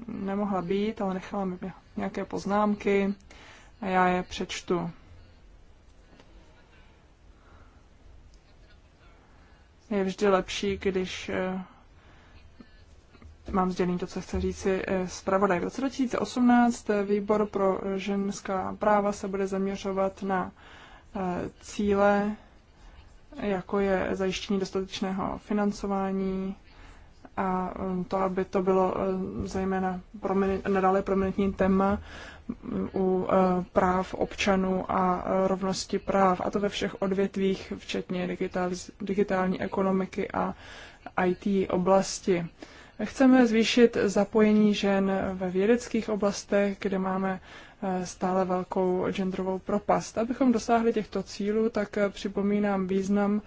nemohla být, ale nechala mi nějaké poznámky a já je přečtu. je vždy lepší, když eh, mám sdělený to, co chce říci eh, zpravodaj. V roce 2018 eh, výbor pro ženská práva se bude zaměřovat na cíle, jako je zajištění dostatečného financování a mm, to, aby to bylo zejména nadále prominentní téma u eh, práv občanů a eh, rovnosti práv, a to ve všech odvětvích, včetně digitál, digitální ekonomiky a eh, IT oblasti. Chceme zvýšit zapojení žen ve vědeckých oblastech, kde máme stále velkou genderovou propast. Abychom dosáhli těchto cílů, tak připomínám význam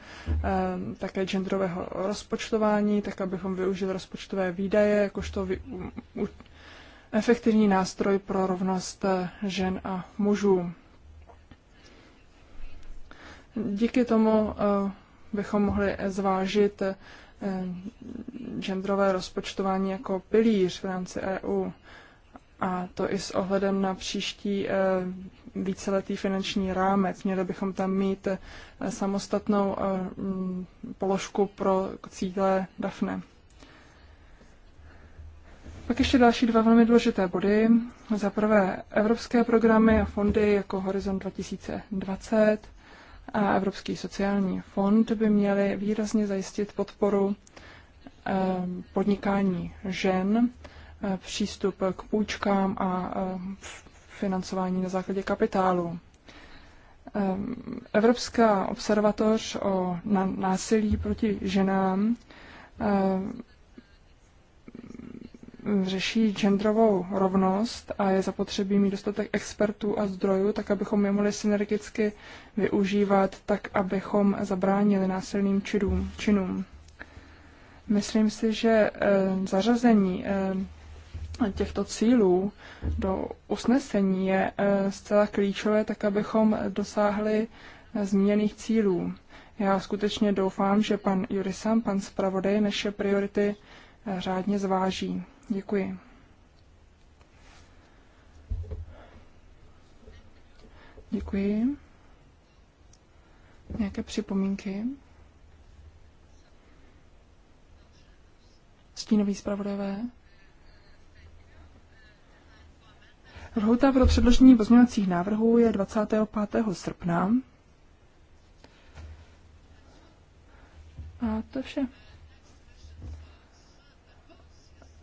také genderového rozpočtování, tak abychom využili rozpočtové výdaje jakožto efektivní nástroj pro rovnost žen a mužů. Díky tomu eh, bychom mohli zvážit eh, genderové rozpočtování jako pilíř v rámci EU. A to i s ohledem na příští eh, víceletý finanční rámec. Měli bychom tam mít samostatnou položku pro cíle DAFNE. Pak ještě další dva velmi důležité body. Za prvé evropské programy a fondy jako Horizon 2020 a Evropský sociální fond by měly výrazně zajistit podporu ehm, podnikání žen, eh, přístup k půjčkám a eh, financování na základě kapitálu. Ehm, Evropská observatoř o násilí proti ženám ehm, řeší genderovou rovnost a je zapotřebí mít dostatek expertů a zdrojů, tak abychom je mohli synergicky využívat, tak abychom zabránili násilným činům. činům. Myslím si, že eh, zařazení eh, těchto cílů do usnesení je eh, zcela klíčové, tak abychom dosáhli zmíněných cílů. Já skutečně doufám, že pan Jurisam, pan zpravodaj, naše priority řádně zváží. Děkuji. Děkuji. Nějaké připomínky? Stínový zpravodajové. Lhouta pro předložení pozměňovacích návrhů je 25. srpna. A to vše.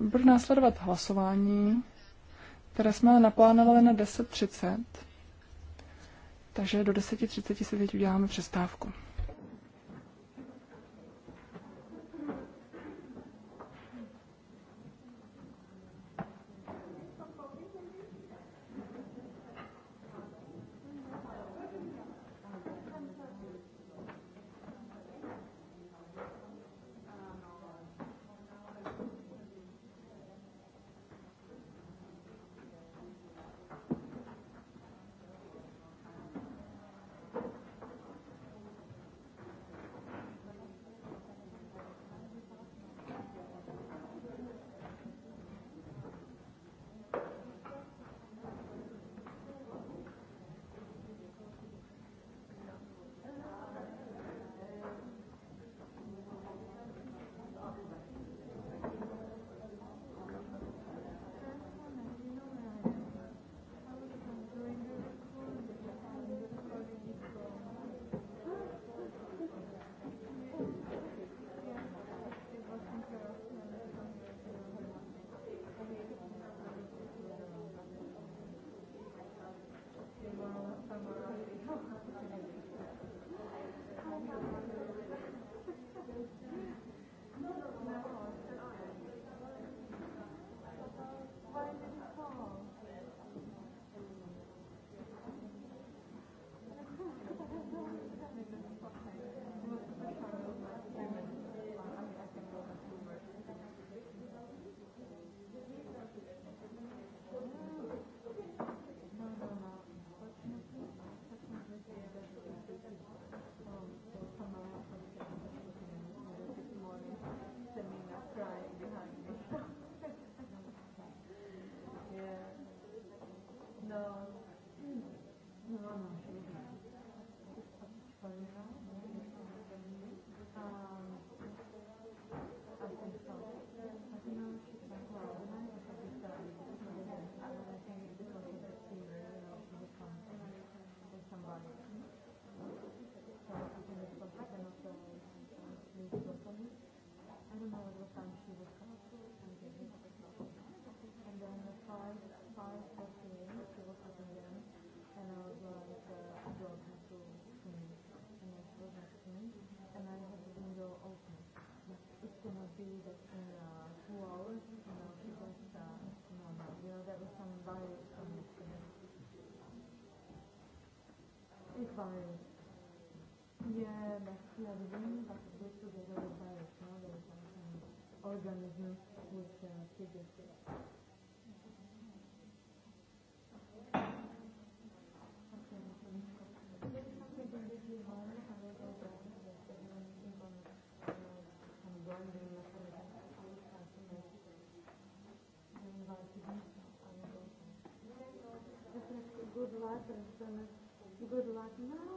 Bude následovat hlasování, které jsme naplánovali na 10.30. Takže do 10.30 si teď uděláme přestávku. Thank you. by yeah, bacteria within, but this together with virus, no? organisms which uh, feed No.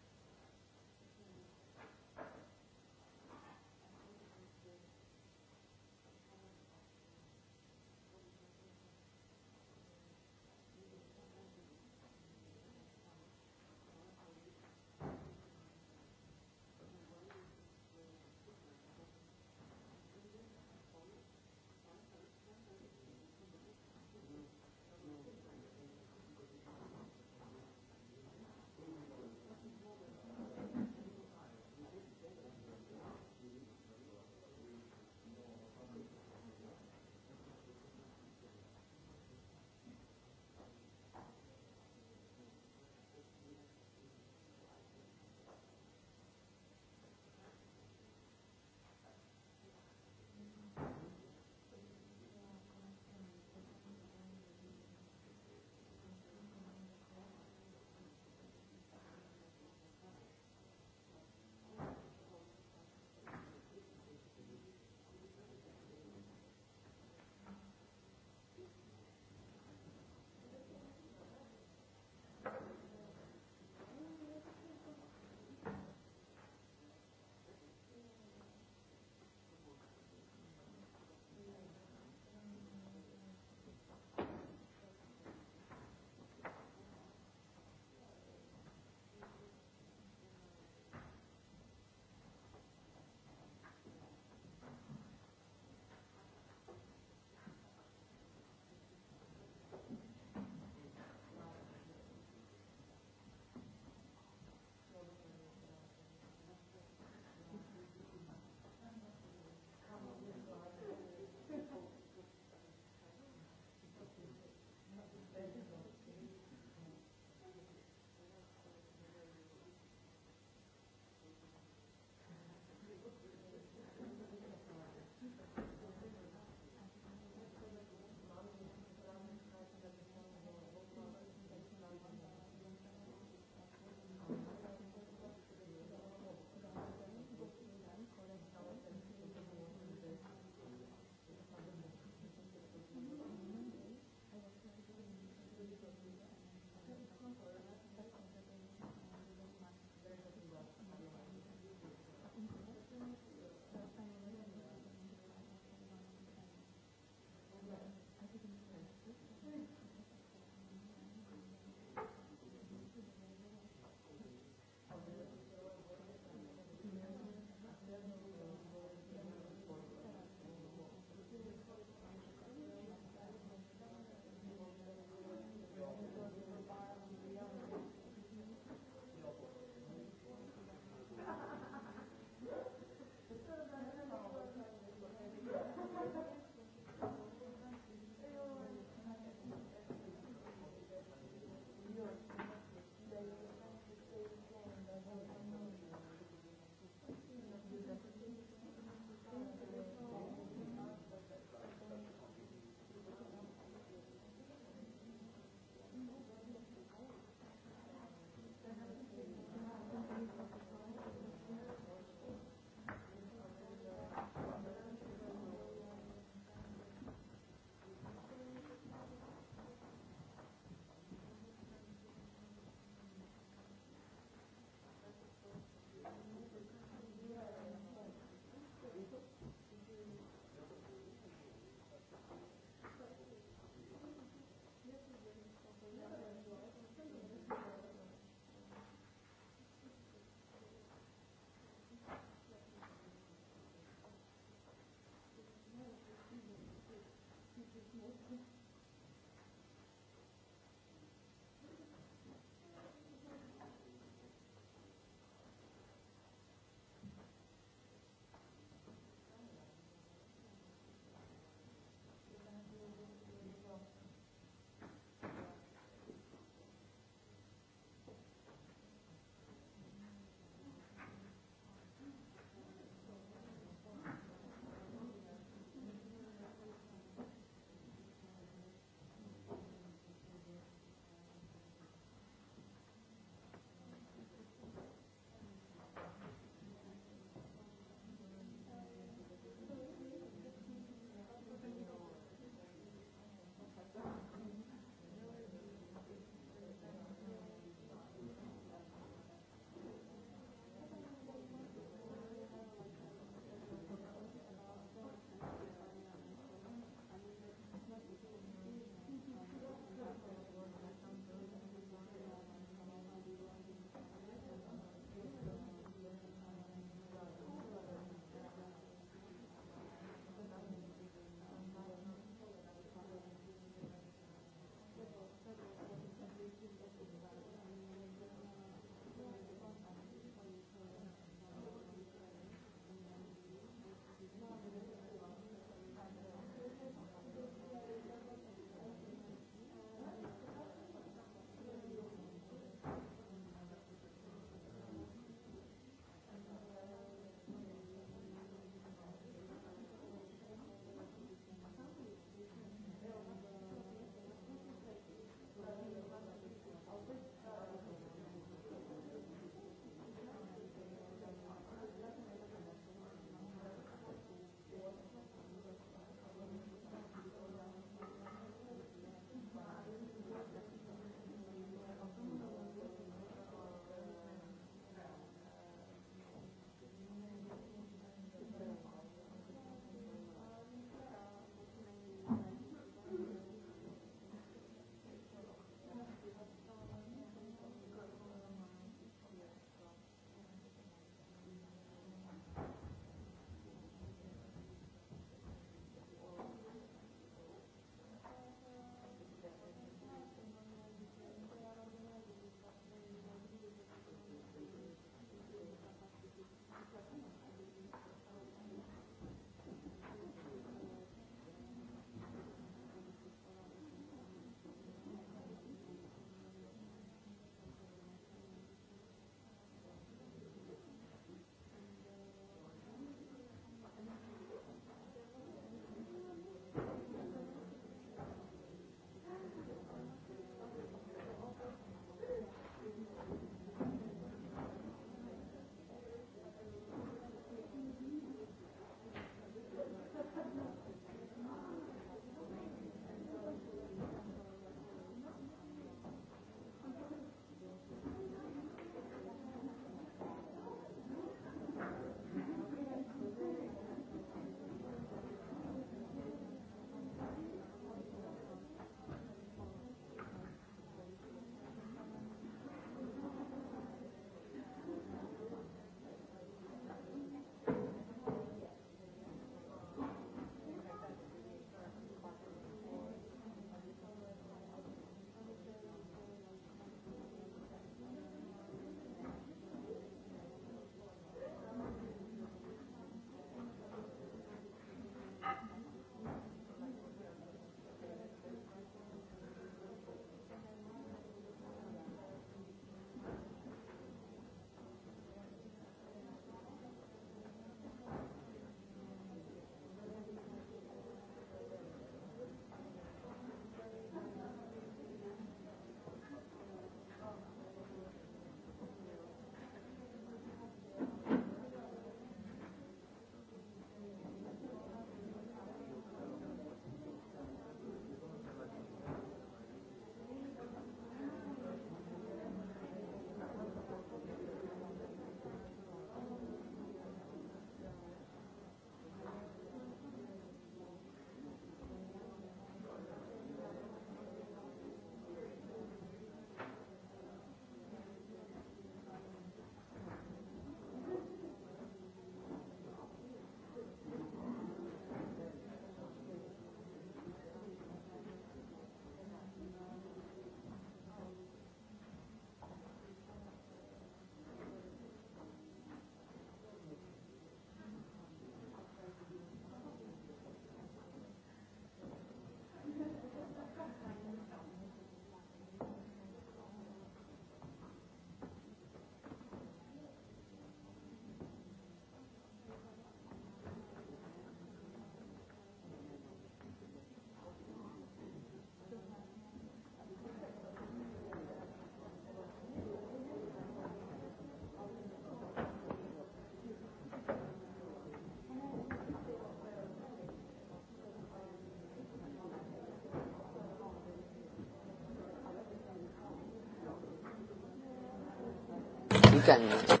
weekend.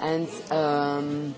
And um,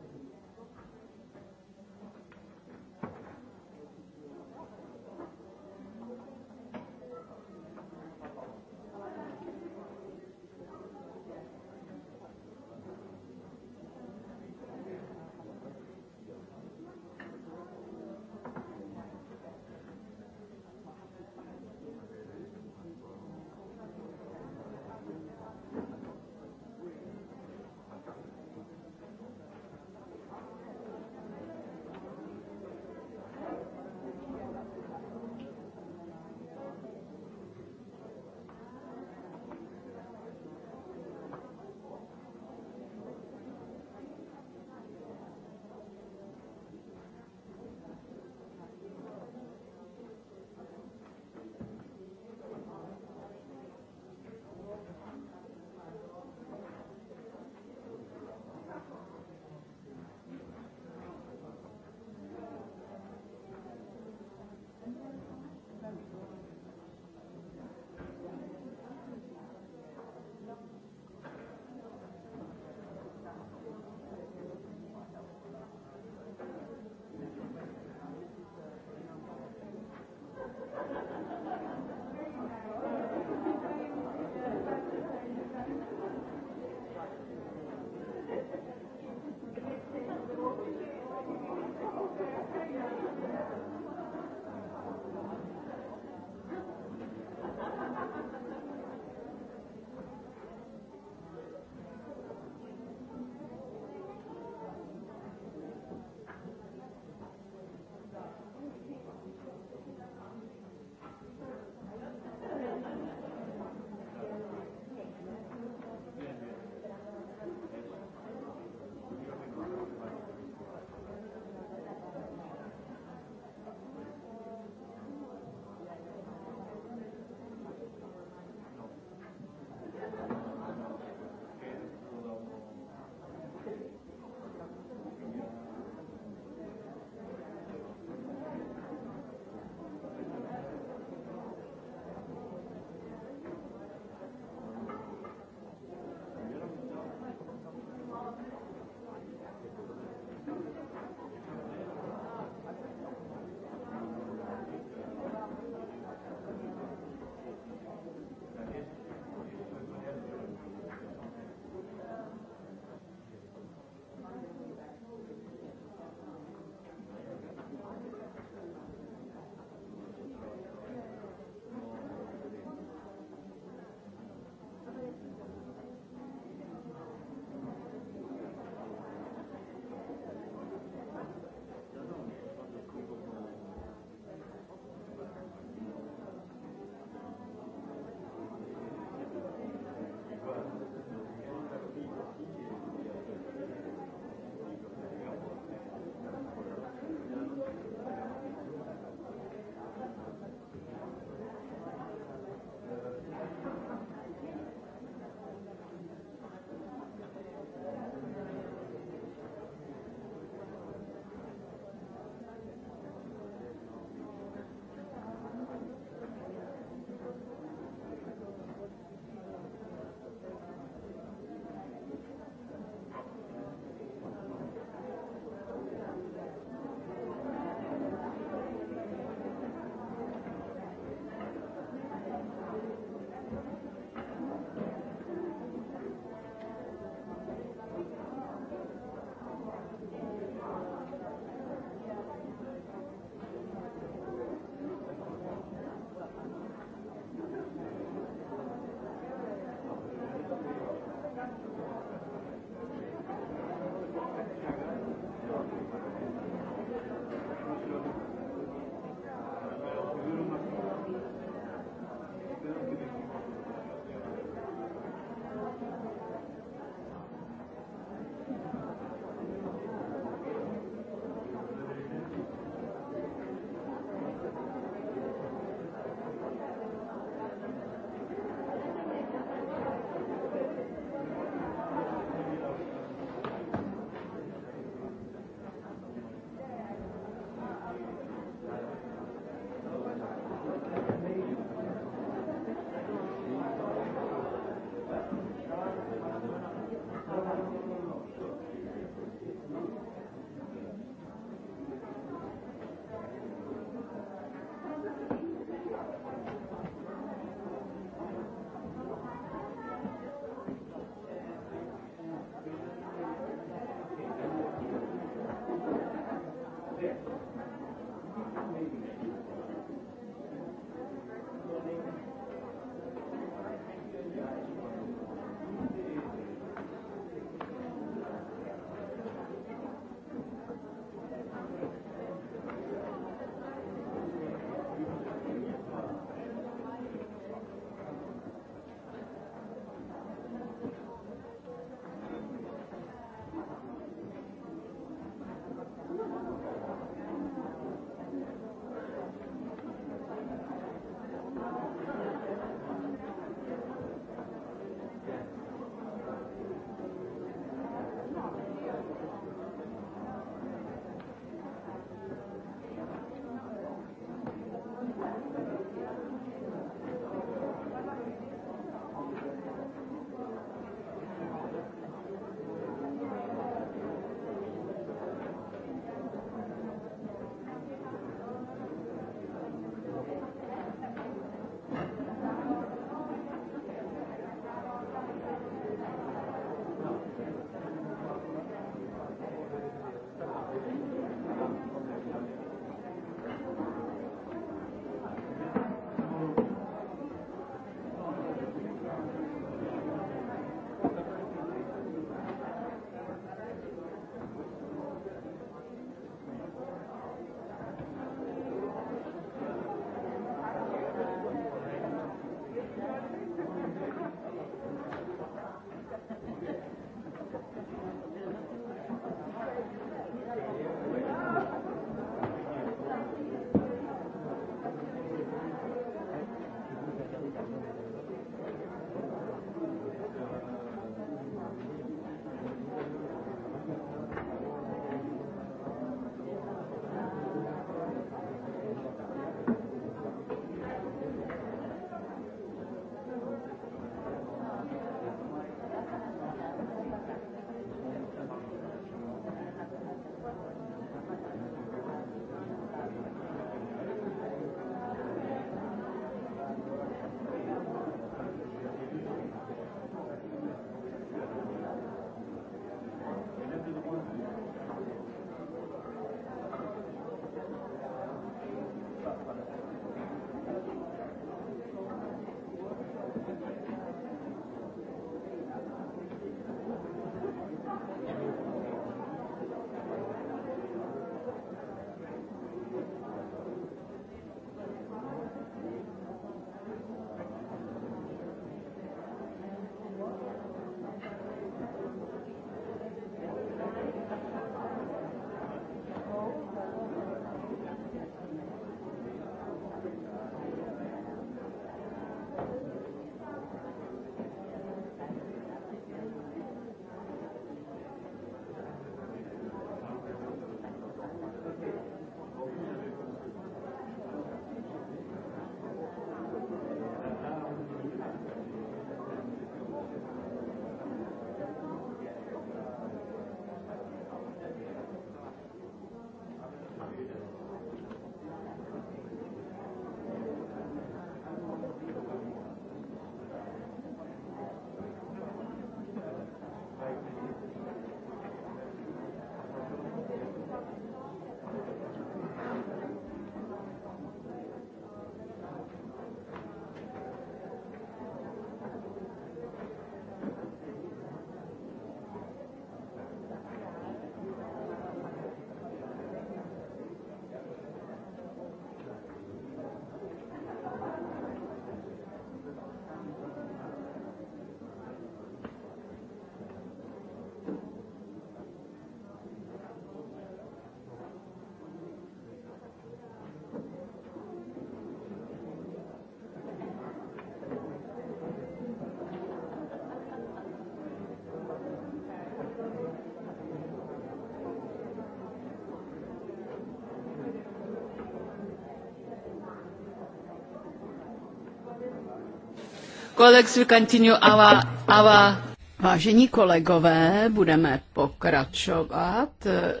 Colleagues, we continue our, our... Vážení kolegové, budeme pokračovat eh,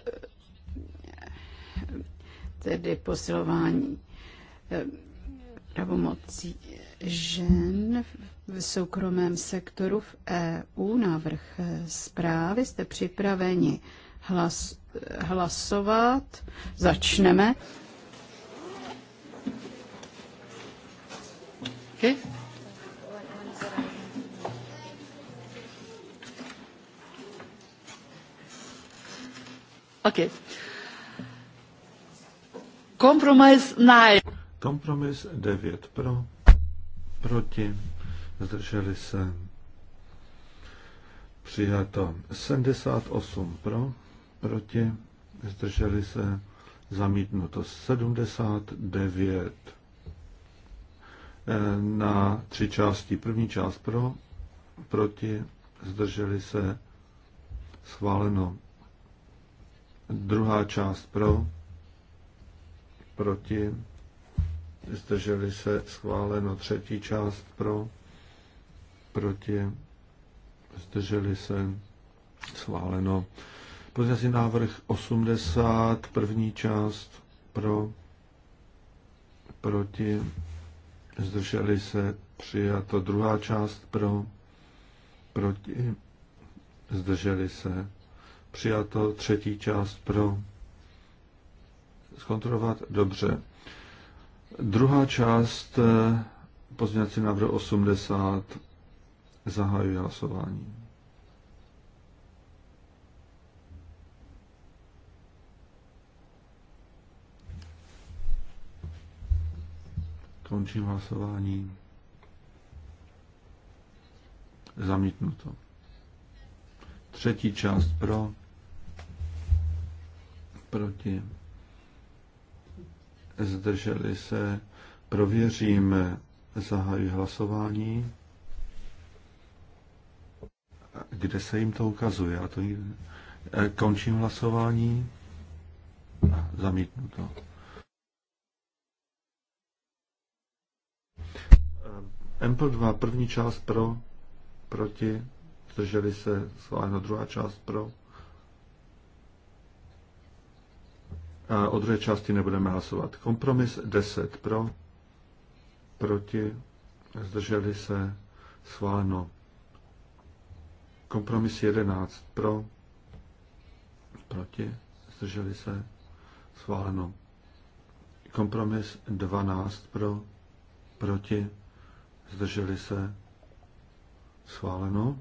tedy posilování eh, pravomocí žen v soukromém sektoru v EU. Návrh eh, zprávy jste připraveni hlas, hlasovat. Začneme. Okay. Okay. Kompromis 9. Kompromis 9 pro, proti, zdrželi se. Přijato 78 pro, proti, zdrželi se, zamítnuto 79 eh, na tři části. První část pro, proti, zdrželi se, schváleno Druhá část pro, proti, zdrželi se schváleno. Třetí část pro, proti, zdrželi se schváleno. si návrh 80, první část pro, proti, zdrželi se přijato. Druhá část pro, proti, zdrželi se Přijato třetí část pro zkontrolovat? Dobře. Druhá část eh, pozměňovací návrh 80 zahajuje hlasování. Končím hlasování. Zamítnuto. Třetí část pro proti, zdrželi se, prověříme, zahají hlasování, kde se jim to ukazuje. A to e, končím hlasování, zamítnu to. Ample 2, první část pro, proti, zdrželi se, schváleno druhá část pro, O druhé části nebudeme hlasovat. Kompromis 10 pro, proti, zdrželi se, schváleno. Kompromis 11 pro, proti, zdrželi se, schváleno. Kompromis 12 pro, proti, zdrželi se, schváleno.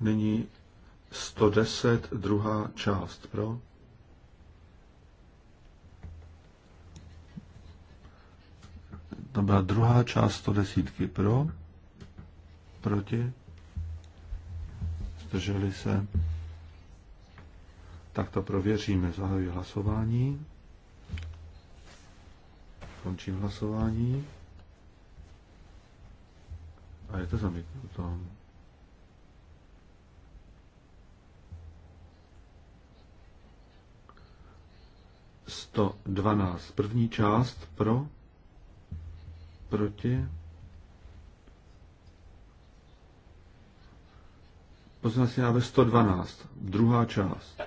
Nyní 110, druhá část pro. To byla druhá část 110 pro, proti, zdrželi se. Tak to prověříme. Zahajuji hlasování. Končím hlasování. A je to zamítnuto. 112. První část pro, proti. Poznací návrh 112. Druhá část.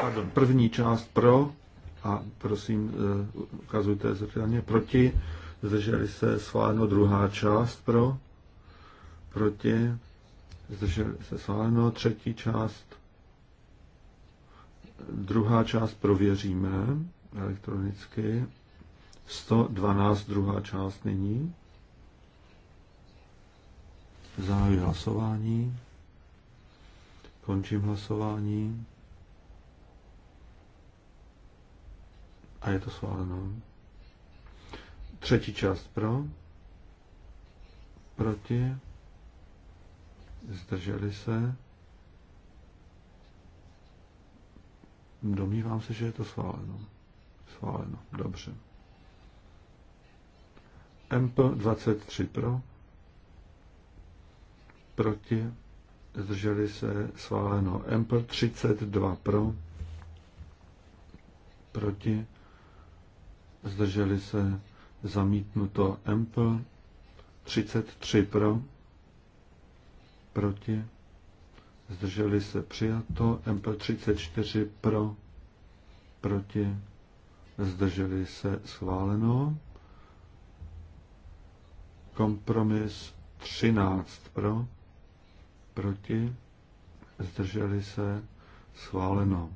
Pardon, první část pro a prosím, eh, ukazujte zřetelně proti. Zdrželi se schváleno druhá část pro, proti. Zdrželi se schváleno třetí část Druhá část prověříme elektronicky. 112, druhá část nyní. Zahajuji hlasování. Končím hlasování. A je to schváleno. Třetí část pro. Proti. Zdrželi se. Domnívám se, že je to schváleno. Schváleno, dobře. MP 23 pro, proti, zdrželi se, schváleno. MP 32 pro, proti, zdrželi se, zamítnuto. MP 33 pro, proti, zdrželi se přijato, MP34 pro, proti, zdrželi se schváleno, kompromis 13 pro, proti, zdrželi se schváleno.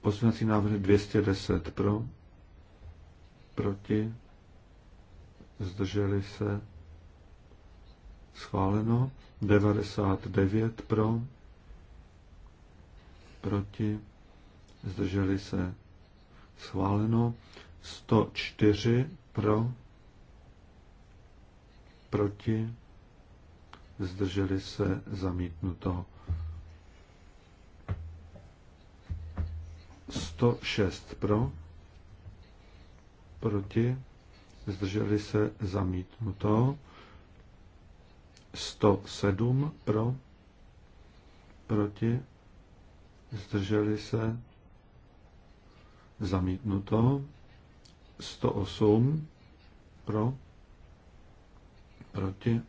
Poslanecí návrh 210 pro, proti, zdrželi se schváleno, 99 pro, proti, zdrželi se, schváleno, 104 pro, proti, zdrželi se, zamítnuto. 106 pro, proti, zdrželi se, zamítnuto. 107 pro, proti, zdrželi se, zamítnuto, 108 pro, proti,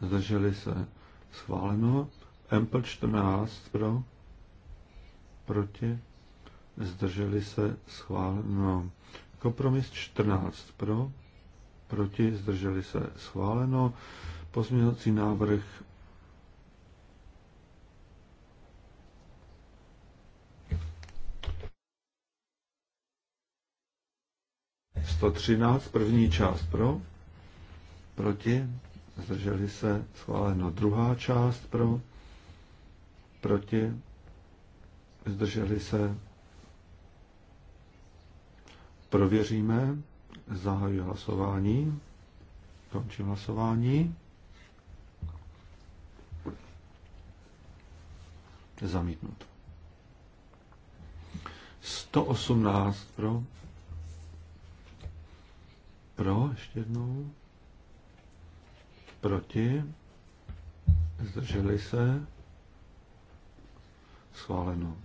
zdrželi se, schváleno, mp 14 pro, proti, zdrželi se, schváleno, kompromis 14 pro, proti, zdrželi se, schváleno, Pozměňovací návrh Sto třináct, první část pro, proti, zdrželi se, schváleno druhá část pro, proti, zdrželi se, prověříme, zahajuji hlasování, končím hlasování. Zamítnut. 118 pro. Pro, ještě jednou. Proti. Zdrželi se. Schváleno.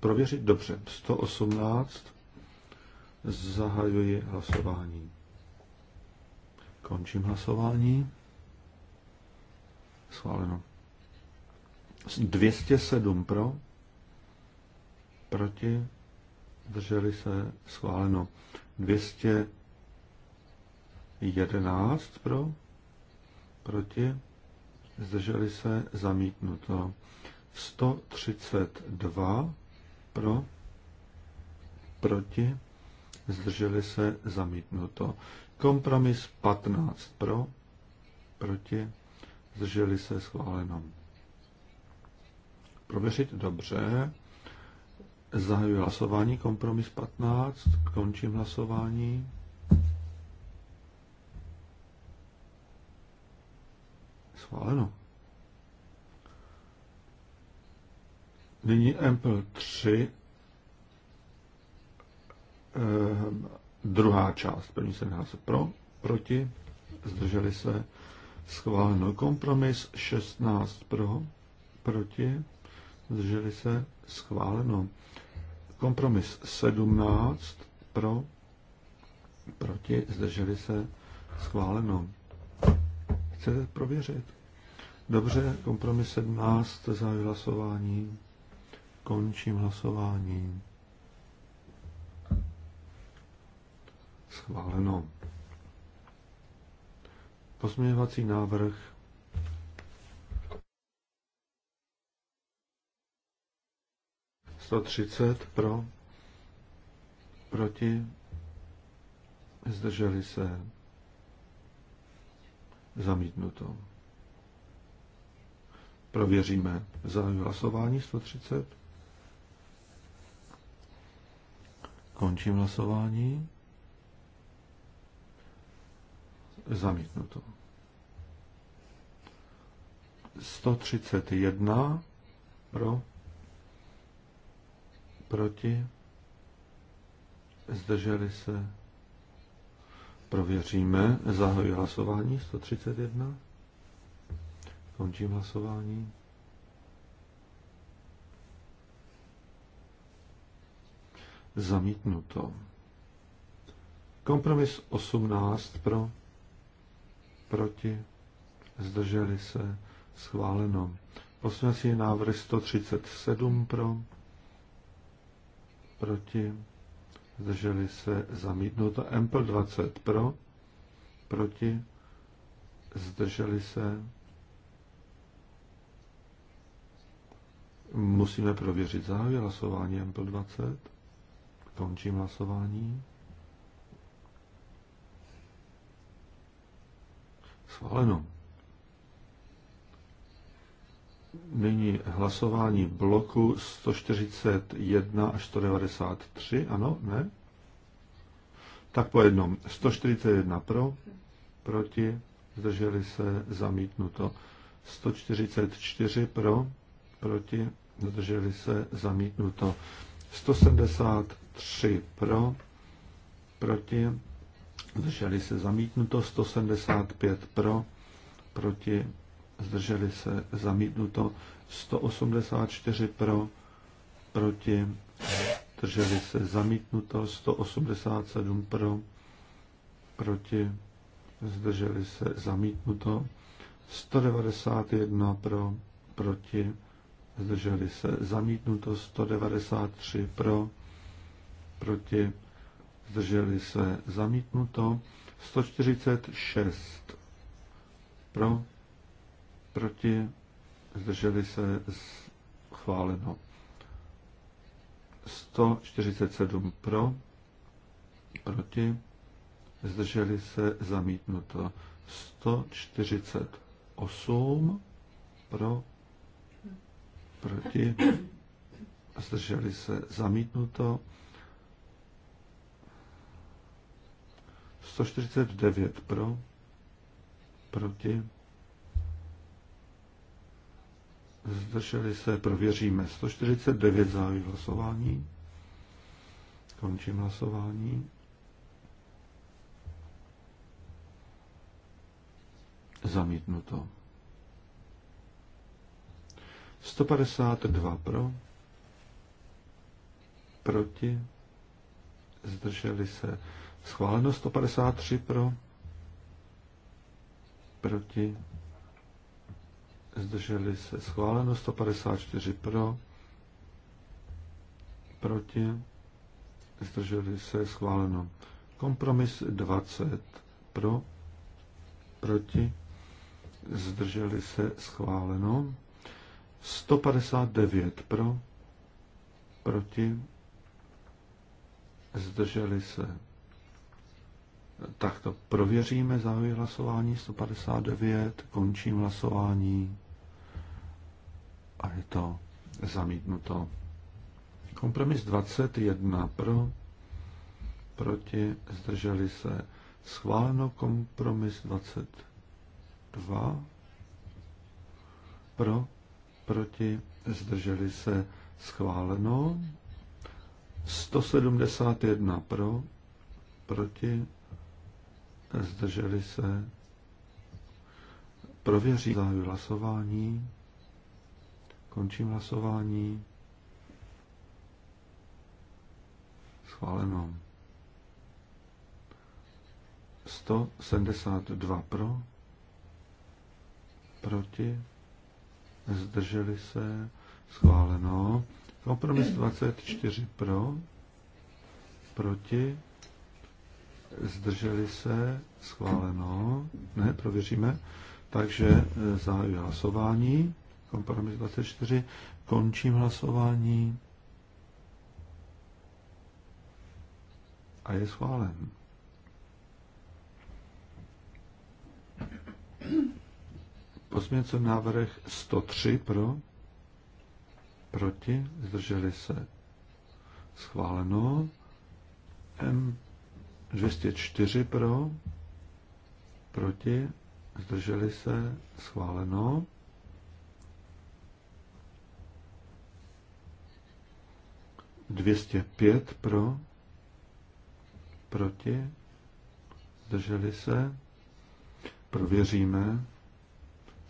Prověřit dobře. 118. Zahajuji hlasování. Končím hlasování. Schváleno. 207 pro, proti, zdrželi se, schváleno. 211 pro, proti, zdrželi se, zamítnuto. 132 pro, proti, zdrželi se, zamítnuto. Kompromis 15 pro, proti, zdrželi se, schváleno prověřit dobře. Zahajuji hlasování, kompromis 15, končím hlasování. Schváleno. Nyní Ample 3, eh, druhá část, první se hlásil pro, proti, zdrželi se, schváleno kompromis, 16 pro, proti, zdrželi se, schváleno. Kompromis 17 pro, proti, zdrželi se, schváleno. Chcete prověřit? Dobře, kompromis 17, za hlasování. Končím hlasování. Schváleno. Pozměňovací návrh 130 pro, proti, zdrželi se, zamítnuto. Prověříme zájem hlasování 130. Končím hlasování. Zamítnuto. 131 pro, proti, zdrželi se, prověříme, zahajuji hlasování 131, končím hlasování. Zamítnuto. Kompromis 18 pro, proti, zdrželi se, schváleno. Poslanecí návrh 137 pro, proti, zdrželi se zamítnuto. Empl 20 pro, proti, zdrželi se. Musíme prověřit závěr hlasování Empl 20. Končím hlasování. Schváleno nyní hlasování bloku 141 až 193, ano, ne? Tak po jednom. 141 pro, proti, zdrželi se, zamítnuto. 144 pro, proti, zdrželi se, zamítnuto. 173 pro, proti, zdrželi se, zamítnuto. 175 pro, proti, zdrželi se, zamítnuto 184 pro, proti, zdrželi se, zamítnuto 187 pro, proti, zdrželi se, zamítnuto 191 pro, proti, zdrželi se, zamítnuto 193 pro, proti, zdrželi se, zamítnuto 146 pro, proti, zdrželi se schváleno. 147 pro, proti, zdrželi se zamítnuto. 148 pro, proti, zdrželi se zamítnuto. 149 pro, proti, zdrželi se, prověříme. 149 zájí hlasování. Končím hlasování. Zamítnuto. 152 pro, proti, zdrželi se. Schváleno 153 pro, proti, zdrželi se schváleno, 154 pro, proti, zdrželi se schváleno. Kompromis 20 pro, proti, zdrželi se schváleno. 159 pro, proti, zdrželi se. Tak to prověříme, zahajuji hlasování 159, končím hlasování a je to zamítnuto. Kompromis 21 pro, proti, zdrželi se. Schváleno kompromis 22 pro, proti, zdrželi se. Schváleno 171 pro, proti, zdrželi se. Prověří zahajuji hlasování. Končím hlasování. Schváleno. 172 pro, proti, zdrželi se, schváleno. Kompromis 24 pro, proti, zdrželi se, schváleno. Ne, prověříme. Takže eh, zahajuji hlasování. Kompromis 24. Končím hlasování. A je schválen. Pozměňovací návrh 103 pro, proti, zdrželi se. Schváleno. M 204 pro, proti, zdrželi se, schváleno. 205 pro, proti, zdrželi se, prověříme,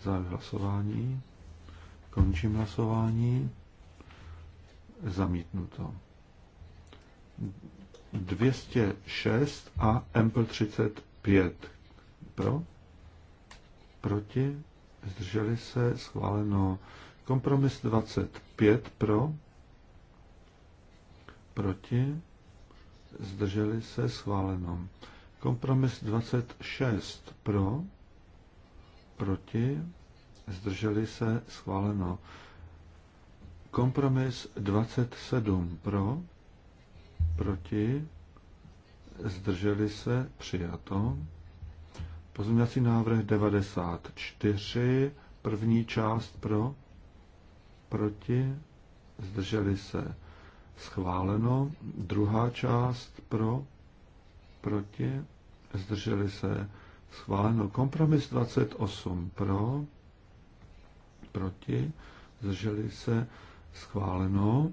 závěr hlasování, končím hlasování, zamítnuto. 206 a Ample 35 pro, proti, zdrželi se, schváleno kompromis 25 pro, proti, zdrželi se schváleno. Kompromis 26 pro, proti, zdrželi se schváleno. Kompromis 27 pro, proti, zdrželi se přijato. Pozměňovací návrh 94, první část pro, proti, zdrželi se Schváleno. Druhá část pro, proti, zdrželi se. Schváleno. Kompromis 28 pro, proti, zdrželi se. Schváleno.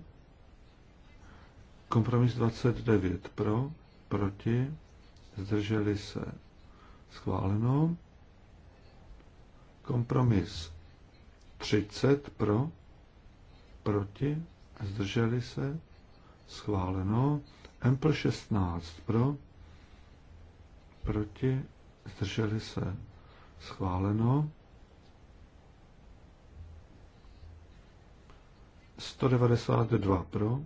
Kompromis 29 pro, proti, zdrželi se. Schváleno. Kompromis 30 pro, proti, zdrželi se schváleno. Empl 16 pro, proti, zdrželi se, schváleno. 192 pro,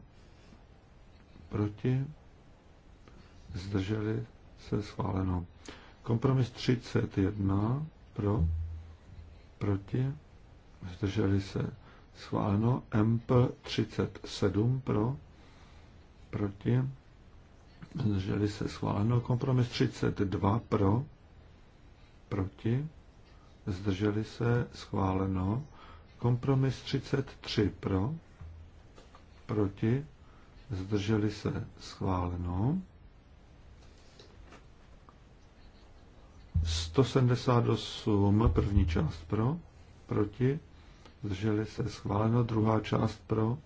proti, zdrželi se, schváleno. Kompromis 31 pro, proti, zdrželi se, schváleno. Empl 37 pro, proti, zdrželi se schváleno. Kompromis 32 pro, proti, zdrželi se schváleno. Kompromis 33 pro, proti, zdrželi se schváleno. 178 první část pro, proti, zdrželi se schváleno, druhá část pro,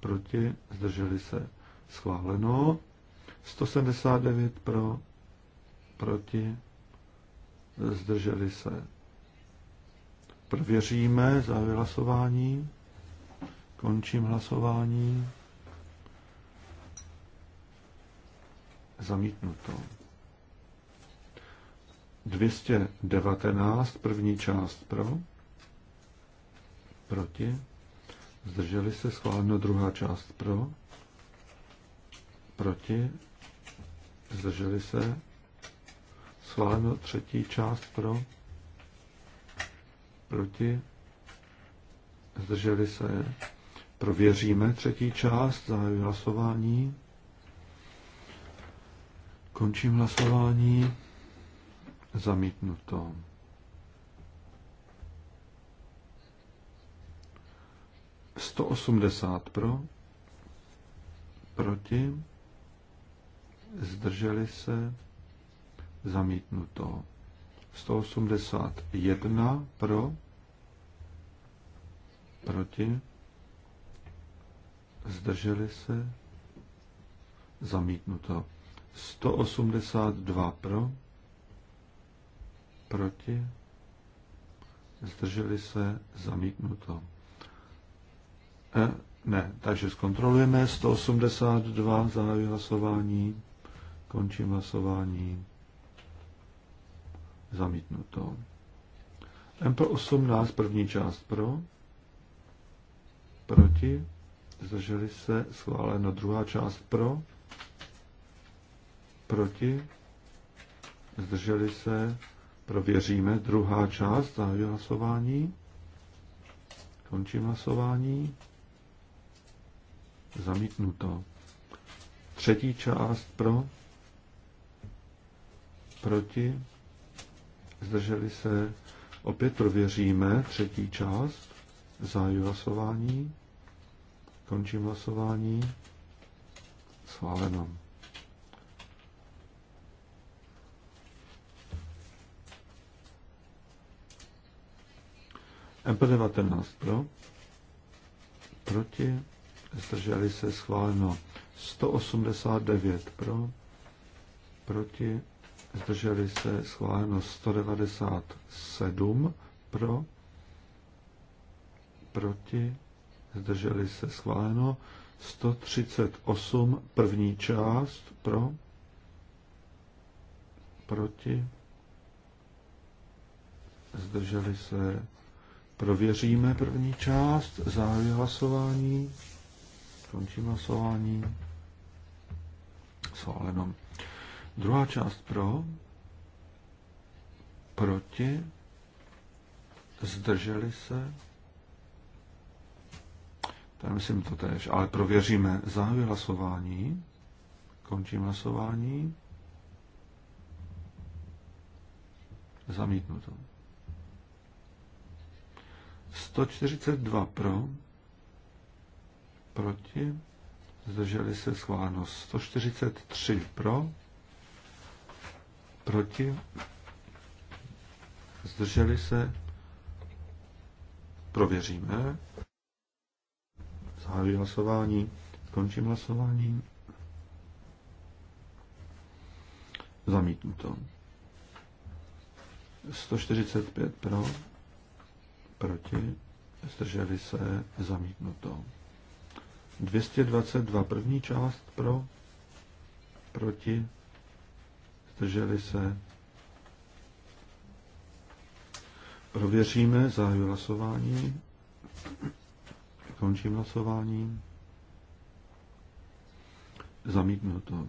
proti, zdrželi se schváleno. 179 pro, proti, zdrželi se. Prověříme za hlasování. Končím hlasování. Zamítnuto. 219, první část pro, proti, zdrželi se, schváleno druhá část pro, proti, zdrželi se, schváleno třetí část pro, proti, zdrželi se, prověříme třetí část, zahajuji hlasování, končím hlasování, zamítnuto. Sto osmdesát pro, proti, zdrželi se, zamítnuto. 181 pro, proti, zdrželi se, zamítnuto. 182 pro, proti, zdrželi se, zamítnuto. E, ne, takže zkontrolujeme 182, zahajuji hlasování. Končím hlasování. Zamítnuto. mp 18, první část pro. Proti. Zdrželi se. Schváleno. Druhá část pro. Proti. Zdrželi se. Prověříme. Druhá část. Zahajuji hlasování. Končím hlasování. Zamítnuto. Třetí část pro proti, zdrželi se, opět prověříme třetí část, zájí hlasování, končím hlasování, schváleno. MP19 pro, proti, zdrželi se schváleno 189 pro, proti, zdrželi se schváleno 197 pro, proti, zdrželi se schváleno 138 první část pro, proti, zdrželi se, prověříme první část, zahájí hlasování, končím hlasování, schváleno Druhá část pro, proti, zdrželi se, to je myslím to tež, ale prověříme. Zahajuji hlasování, končím hlasování, zamítnu to. 142 pro, proti, zdrželi se schváleno 143 pro, Proti? Zdrželi se? Prověříme. Zahajuji hlasování. skončím hlasování. Zamítnuto. 145 pro, proti, zdrželi se, zamítnuto. 222 první část pro, proti, zdrželi se. Prověříme, zahajuji hlasování. Končím hlasování. to.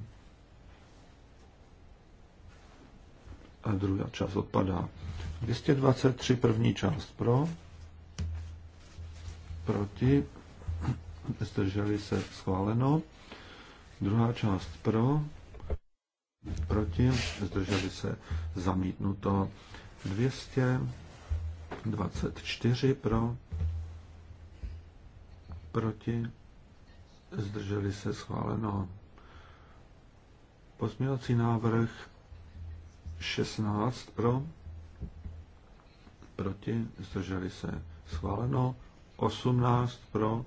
A druhá část odpadá. 223 první část pro, proti, zdrželi se schváleno. Druhá část pro, Proti? Zdrželi se zamítnuto. 224 pro. Proti? Zdrželi se schváleno. Pozměňovací návrh 16 pro. Proti? Zdrželi se schváleno. 18 pro.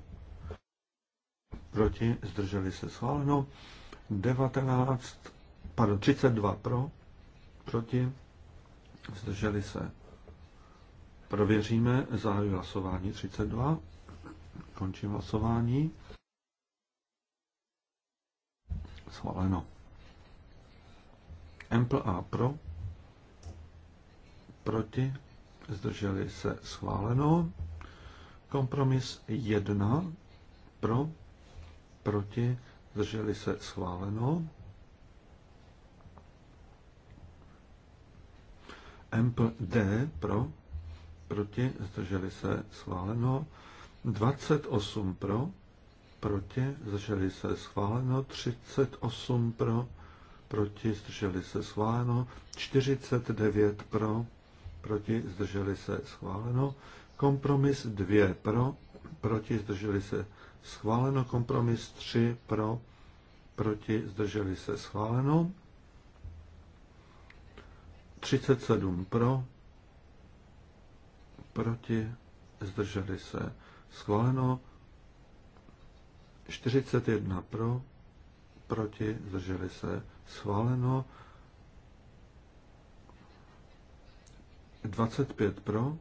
Proti? Zdrželi se schváleno. 19 pardon, 32 pro, proti, zdrželi se. Prověříme, zahajuji hlasování 32, končím hlasování. Schváleno. Ample A pro, proti, zdrželi se schváleno. Kompromis 1 pro, proti, zdrželi se schváleno. MPD pro, proti, zdrželi se schváleno, 28 pro, proti, zdrželi se schváleno, 38 pro, proti, zdrželi se schváleno, 49 pro, proti, zdrželi se schváleno, kompromis 2 pro, proti, zdrželi se schváleno, kompromis 3 pro, proti, zdrželi se schváleno, 37 pro, proti, zdrželi se. Schváleno 41 pro, proti, zdrželi se. Schváleno 25 pro,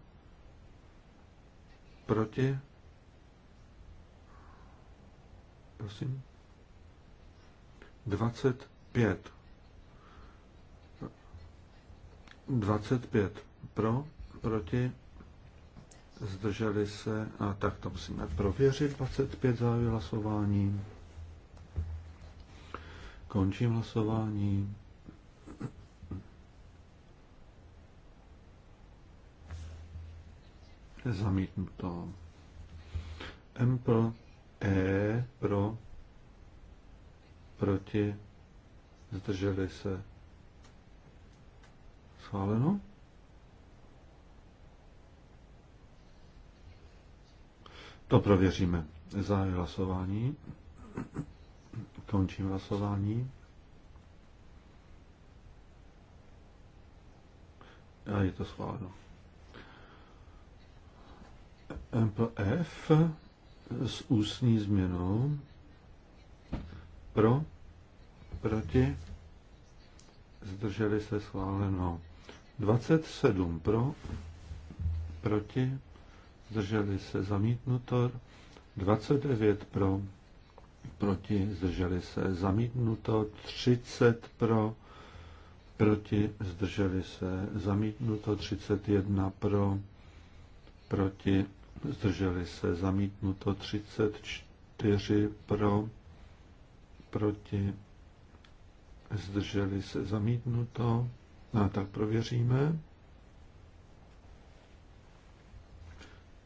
proti, prosím, 25 25 pro, proti, zdrželi se, a tak to musíme prověřit, 25 závěr hlasování. Končím hlasování. Zamítnuto. M pro, E pro, proti, zdrželi se, Schváleno. To prověříme. Zahajuji hlasování. Končím hlasování. A je to schváleno. MPF s ústní změnou pro, proti, zdrželi se schváleno. 27 pro, proti, zdrželi se zamítnuto, 29 pro, proti, zdrželi se zamítnuto, 30 pro, proti, zdrželi se zamítnuto, 31 pro, proti, zdrželi se zamítnuto, 34 pro, proti, zdrželi se zamítnuto, No tak prověříme.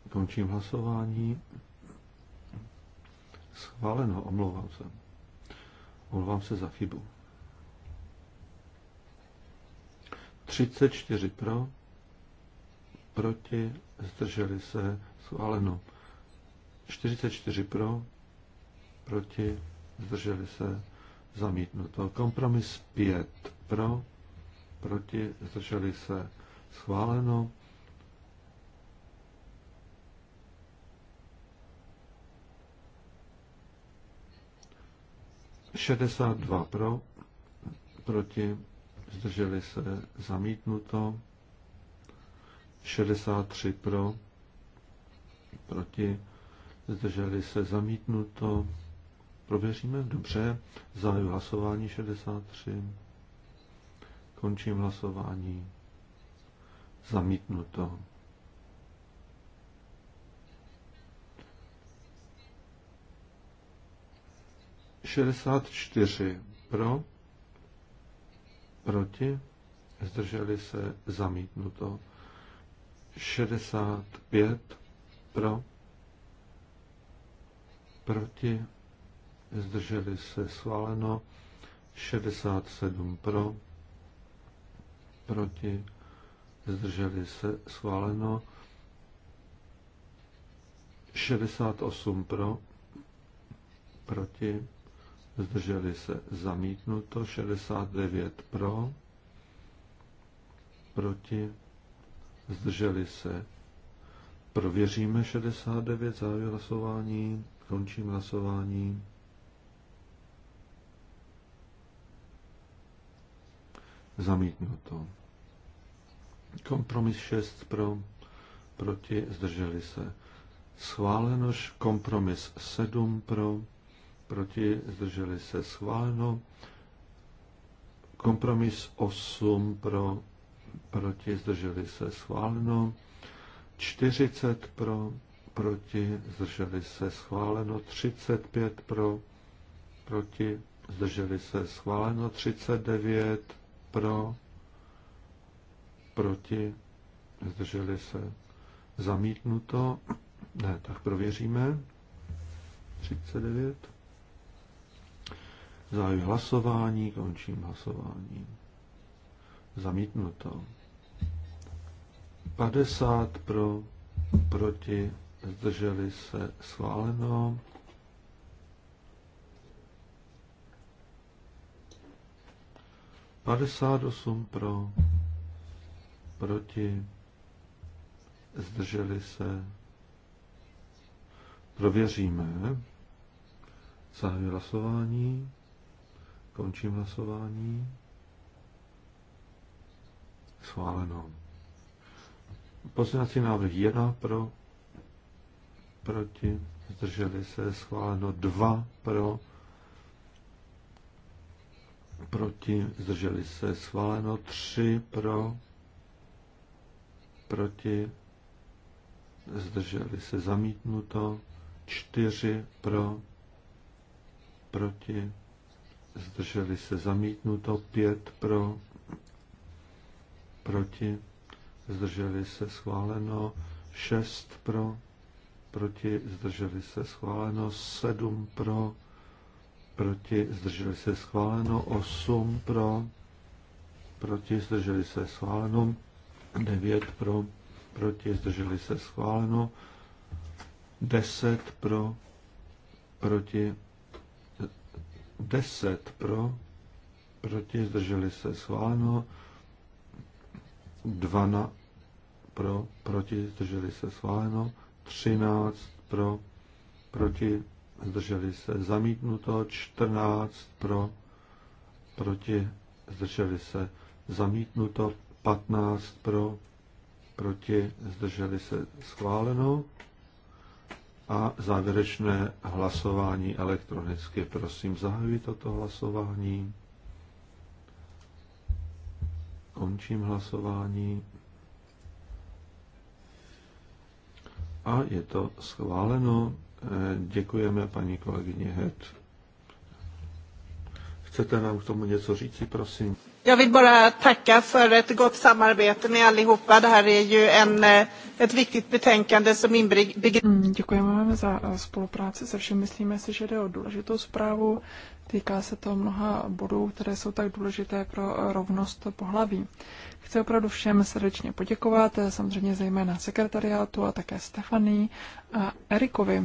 Končím hlasování. Schváleno, omlouvám se. Omlouvám se za chybu. 34 pro, proti, zdrželi se, schváleno. 44 pro, proti, zdrželi se, zamítnuto. Kompromis 5 pro, proti, zdrželi se schváleno. Šedesát dva pro, proti, zdrželi se zamítnuto. 63 pro, proti, zdrželi se zamítnuto. Prověříme, dobře, zahajuji hlasování 63. Končím hlasování. Zamítnuto. Šedesát čtyři pro, proti, zdrželi se, zamítnuto. Šedesát pět pro, proti, zdrželi se, schváleno. 67 pro, proti, zdrželi se, schváleno. 68 pro, proti, zdrželi se, zamítnuto. 69 pro, proti, zdrželi se. Prověříme 69, závěr hlasování, končím hlasování. Zamítnuto. Kompromis 6 pro, proti, zdrželi se. Schváleno kompromis 7 pro, proti, zdrželi se. Schváleno kompromis 8 pro, proti, zdrželi se. Schváleno 40 pro, proti, zdrželi se. Schváleno 35 pro, proti, zdrželi se. Schváleno 39 pro, proti, zdrželi se, zamítnuto, ne, tak prověříme, 39, zahajuji hlasování, končím hlasování, zamítnuto, 50 pro, proti, zdrželi se, schváleno, Padesát osm pro, proti, zdrželi se, prověříme, zahajuji hlasování, končím hlasování, schváleno. Pozměňovací návrh 1 pro, proti, zdrželi se, schváleno 2 pro, proti, zdrželi se, schváleno 3 pro, proti, zdrželi se zamítnuto, čtyři pro, proti, zdrželi se zamítnuto, pět pro, proti, zdrželi se schváleno, šest pro, proti, zdrželi se schváleno, sedm pro, proti, zdrželi se schváleno, osm pro, proti, zdrželi se schváleno, 9 pro, proti, zdrželi se schváleno, 10 pro, proti, 10 pro, proti, zdrželi se schváleno, 12 pro, proti, zdrželi se schváleno, 13 pro, proti, zdrželi se zamítnuto, 14 pro, proti, zdrželi se zamítnuto, 15 pro, proti, zdrželi se schváleno. A závěrečné hlasování elektronicky. Prosím, zahajuji toto hlasování. Končím hlasování. A je to schváleno. Děkujeme paní kolegyně Het. Chcete nám k tomu něco říci, prosím? Jag vill bara tacka för ett gott samarbete med allihopa. Det här är ju en, eh, ett viktigt betänkande som inbegriper... Mm, děkujeme vám za eh, spolupráci se všemi. Myslíme si, že jde o důležitou zprávu. Týká se to mnoha bodů, které jsou tak důležité pro eh, rovnost pohlaví. Chci opravdu všem srdečně poděkovat, samozřejmě zejména sekretariátu a také Stefaní a Erikovi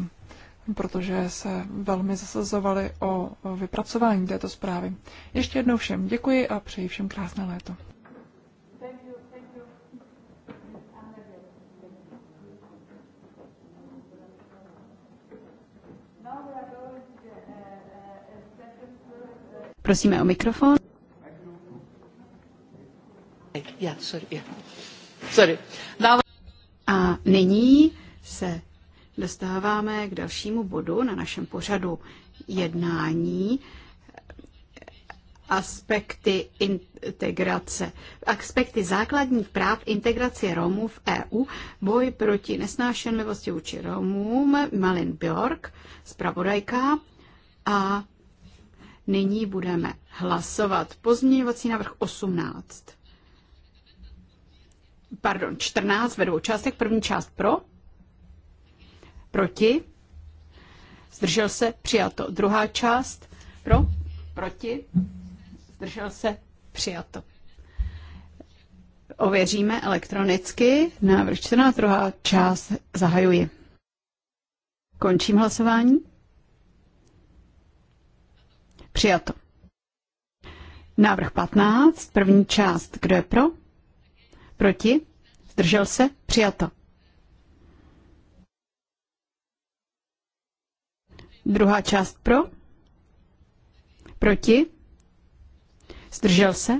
protože se velmi zasazovali o vypracování této zprávy. Ještě jednou všem děkuji a přeji všem krásné léto. Prosíme o mikrofon. A nyní se dostáváme k dalšímu bodu na našem pořadu jednání aspekty integrace. Aspekty základních práv integrace Romů v EU, boj proti nesnášenlivosti vůči Romům, Malin Bjork, zpravodajka a nyní budeme hlasovat pozměňovací návrh 18. Pardon, 14 ve dvou částech. První část pro, Proti? Zdržel se? Přijato. Druhá část. Pro? Proti? Zdržel se? Přijato. Ověříme elektronicky. Návrh 14, druhá část. Zahajuji. Končím hlasování. Přijato. Návrh 15, první část. Kdo je pro? Proti? Zdržel se? Přijato. Druhá část pro? Proti? Zdržel se?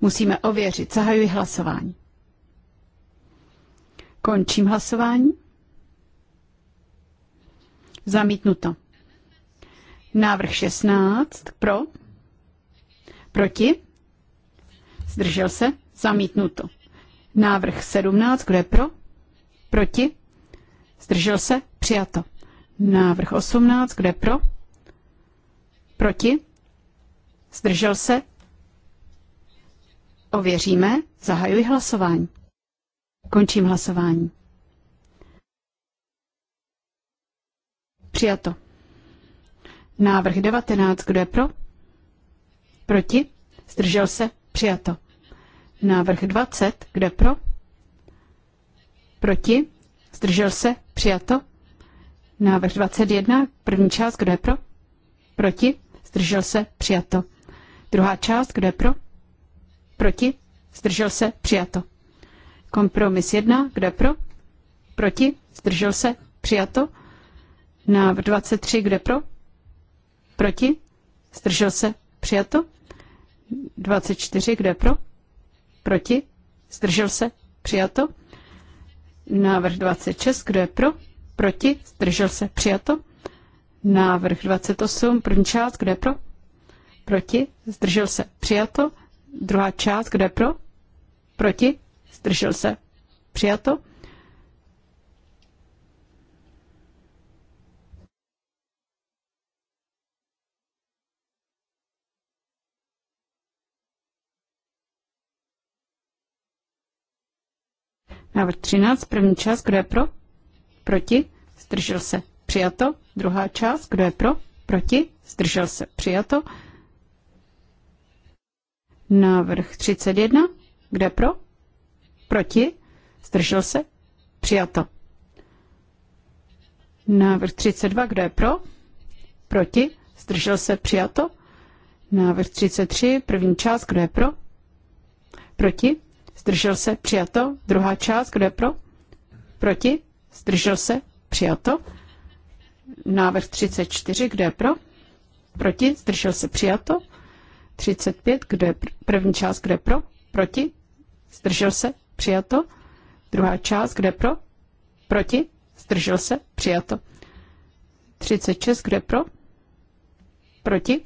Musíme ověřit. Zahajuji hlasování. Končím hlasování. Zamítnuto. Návrh 16. Pro? Proti? Zdržel se? Zamítnuto. Návrh 17. Kdo je pro? Proti? Zdržel se? Přijato. Návrh 18, kde pro? Proti? Zdržel se? Ověříme. Zahajuji hlasování. Končím hlasování. Přijato. Návrh 19, kdo je pro? Proti? Zdržel se? Přijato. Návrh 20, kdo je pro? Proti? Zdržel se? Přijato. Návrh 21, první část, kdo je pro? Proti? Zdržel se? Přijato. Druhá část, kdo je pro? Proti? Zdržel se? Přijato. Kompromis 1, kdo je pro? Proti? Zdržel se? Přijato. Návrh 23, kdo je pro? Proti? Zdržel se? Přijato. 24, kdo je pro? Proti? Zdržel se? Přijato. Návrh 26, kdo je pro? Proti? Zdržel se. Přijato. Návrh 28, první část, kde pro? Proti? Zdržel se. Přijato. Druhá část, kde pro? Proti? Zdržel se. Přijato. Návrh 13, první část, kdo je pro? Proti? Zdržel se. Přijato. Druhá část. Kdo je pro? Proti? Zdržel se. Přijato. Návrh 31. Kdo je pro? Proti? Zdržel se? Přijato. Návrh 32. Kdo je pro? Proti? Zdržel se? Přijato. Návrh 33. První část. Kdo je pro? Proti? Zdržel se? Přijato. Druhá část. Kdo je pro? Proti? Zdržel se? Přijato. Návrh 34, kdo je pro? Proti? Zdržel se? Přijato. 35, kdo je pr- první část, kdo je pro? Proti? Zdržel se? Přijato. Druhá část, kdo je pro? Proti? Zdržel se? Přijato. 36, kdo je pro? Proti?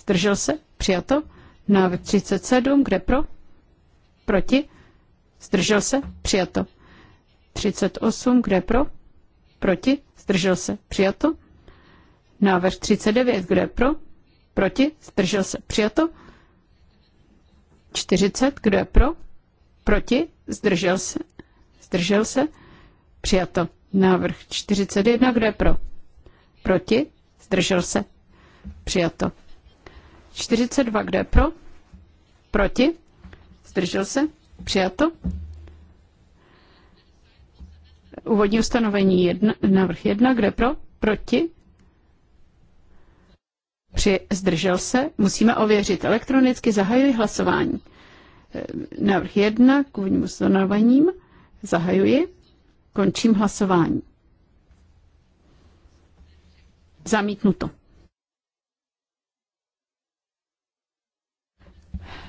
Zdržel se? Přijato. Návrh 37, kde pro? Proti? Zdržel se? Přijato. 38, kde pro? Proti? Zdržel se. Přijato. Návrh 39, kde pro? Proti? Zdržel se. Přijato. 40, kdo je pro? Proti? Zdržel se? Zdržel se? Přijato. Návrh 41, kdo je pro? Proti? Zdržel se? Přijato. 42, kdo je pro? Proti? Zdržel se? Přijato. Úvodní ustanovení jedna, návrh 1, kde pro? Proti? Při zdržel se? Musíme ověřit. Elektronicky zahajuji hlasování. E, návrh 1 k úvodním ustanovením zahajuji. Končím hlasování. Zamítnuto.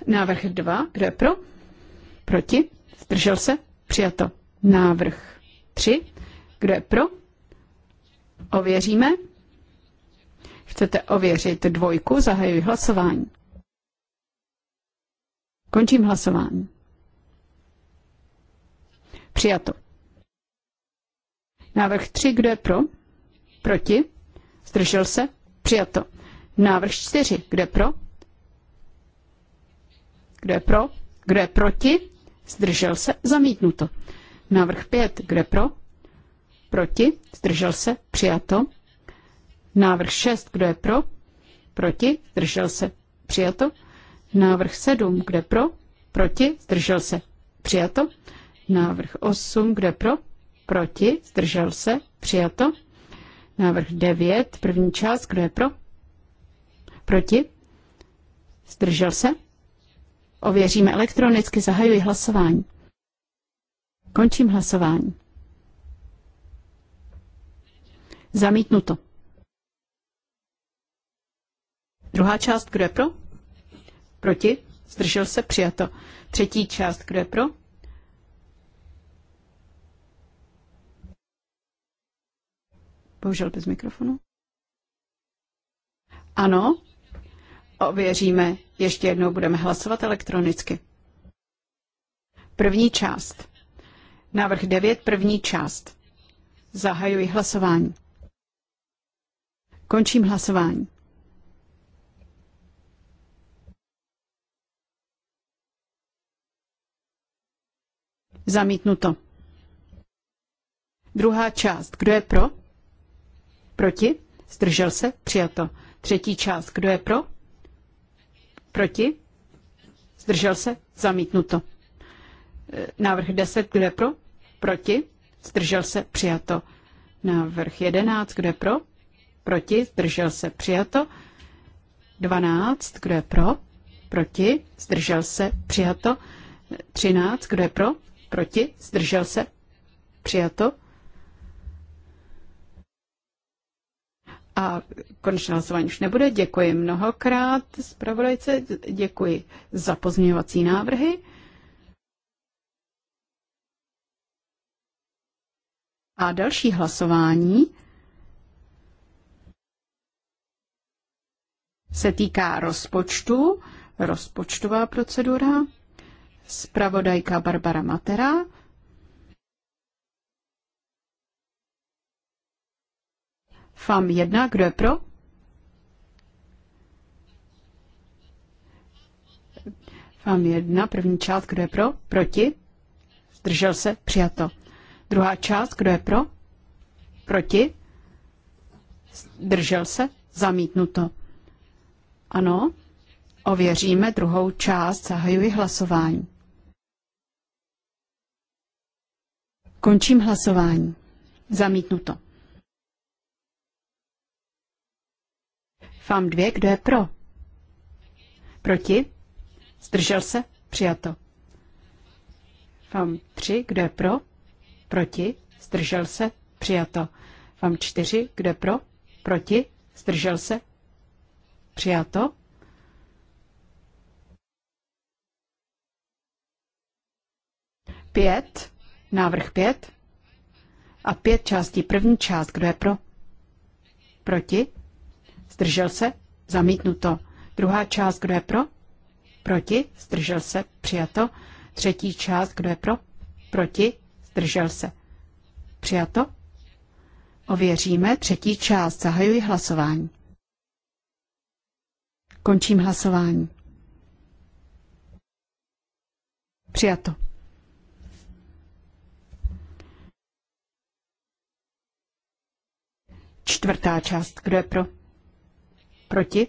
Návrh 2. Kdo je pro? Proti? Zdržel se? Přijato. Návrh 3. Kdo je pro? Ověříme. Chcete ověřit dvojku? Zahajuji hlasování. Končím hlasování. Přijato. Návrh 3, kdo je pro? Proti? Zdržel se? Přijato. Návrh 4, kdo je pro? Kdo je pro? Kdo je proti? Zdržel se? Zamítnuto. Návrh 5, kde pro? Proti? Zdržel se? Přijato. Návrh 6, kdo je pro? Proti? Zdržel se? Přijato. Návrh 7, kde pro? Proti? Zdržel se? Přijato. Návrh 8, kde pro? Proti? Zdržel se? Přijato. Návrh 9, první část, kdo je pro? Proti? Zdržel se? Ověříme elektronicky, zahajuji hlasování. Končím hlasování. Zamítnuto. Druhá část, kdo je pro? Proti? Zdržel se? Přijato. Třetí část, kdo je pro? Bohužel bez mikrofonu. Ano, ověříme. Ještě jednou budeme hlasovat elektronicky. První část. Návrh 9, první část. Zahajuji hlasování. Končím hlasování. Zamítnuto. Druhá část. Kdo je pro? Proti? Zdržel se? Přijato. Třetí část. Kdo je pro? Proti? Zdržel se? Zamítnuto. E, návrh 10. Kdo je pro? Proti? Zdržel se? Přijato. Návrh 11. Kdo je pro? Proti? Zdržel se? Přijato. 12. Kdo je pro? Proti? Zdržel se? Přijato. 13. Kdo je pro? Proti? Zdržel se? Přijato. A konečné hlasování už nebude. Děkuji mnohokrát zpravodajce, děkuji za pozměňovací návrhy. A další hlasování se týká rozpočtu, rozpočtová procedura, zpravodajka Barbara Matera. FAM 1, kdo je pro? FAM 1, první část, kdo je pro? Proti? Zdržel se? Přijato. Druhá část, kdo je pro? Proti? Držel se? Zamítnuto. Ano, ověříme druhou část, zahajuji hlasování. Končím hlasování. Zamítnuto. Fám dvě, kdo je pro? Proti? Zdržel se? Přijato. Fám tři, kdo je pro? Proti? Zdržel se? Přijato. Vám čtyři? Kde pro? Proti? Zdržel se? Přijato. Pět. Návrh pět. A pět částí. První část. Kdo je pro? Proti? Zdržel se? Zamítnuto. Druhá část. Kdo je pro? Proti? Zdržel se? Přijato. Třetí část. Kdo je pro? Proti? zdržel se. Přijato? Ověříme třetí část. Zahajuji hlasování. Končím hlasování. Přijato. Čtvrtá část. Kdo je pro? Proti?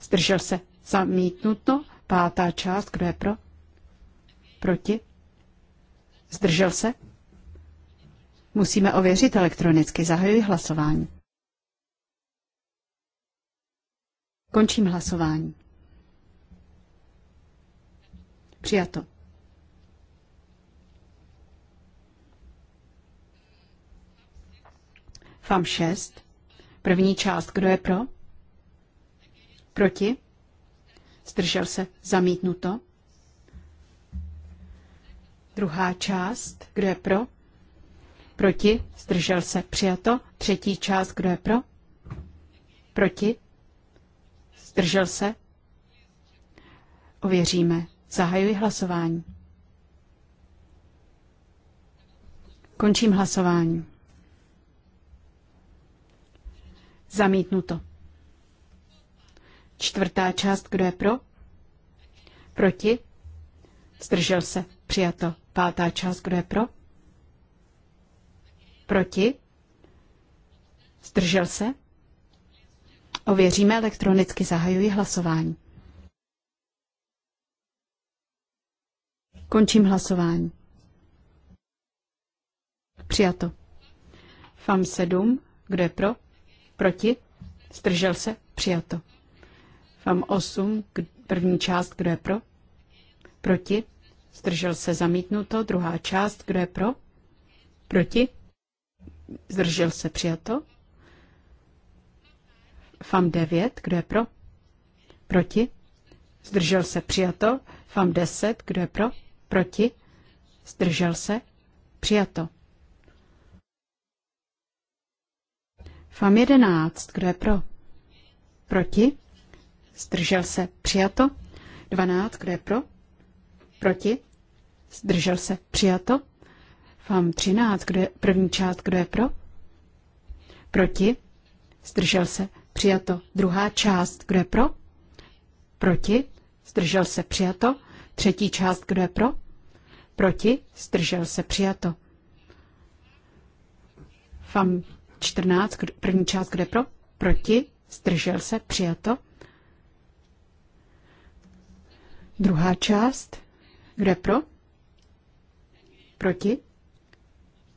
Zdržel se. Zamítnuto. Pátá část. Kdo je pro? Proti? Zdržel se? Musíme ověřit elektronicky. Zahajuji hlasování. Končím hlasování. Přijato. FAM 6. První část. Kdo je pro? Proti? Zdržel se. Zamítnuto. Druhá část, kdo je pro? Proti? Zdržel se. Přijato. Třetí část, kdo je pro? Proti? Zdržel se. Ověříme. Zahajuji hlasování. Končím hlasování. Zamítnuto. Čtvrtá část, kdo je pro? Proti? Zdržel se. Přijato. Pátá část, kdo je pro? Proti? Zdržel se? Ověříme elektronicky, zahajuji hlasování. Končím hlasování. Přijato. FAM 7, kdo je pro? Proti? Zdržel se? Přijato. FAM 8, první část, kdo je pro? Proti? Zdržel se zamítnuto. Druhá část. Kdo je pro? Proti? Zdržel se přijato. FAM 9. Kdo je pro? Proti? Zdržel se přijato. FAM 10. Kdo je pro? Proti? Zdržel se? Přijato. FAM 11. Kdo je pro? Proti? Zdržel se? Přijato. 12. Kdo je pro? Proti? Zdržel se. Přijato. Fam 13. Kdo je, první část. Kdo je pro? Proti? Zdržel se. Přijato. Druhá část. Kdo je pro? Proti? Zdržel se. Přijato. Třetí část. Kdo je pro? Proti? Zdržel se. Přijato. Fam 14. Kdo, první část. Kdo je pro? Proti? Zdržel se. Přijato. Druhá část. Kdo je pro? Proti?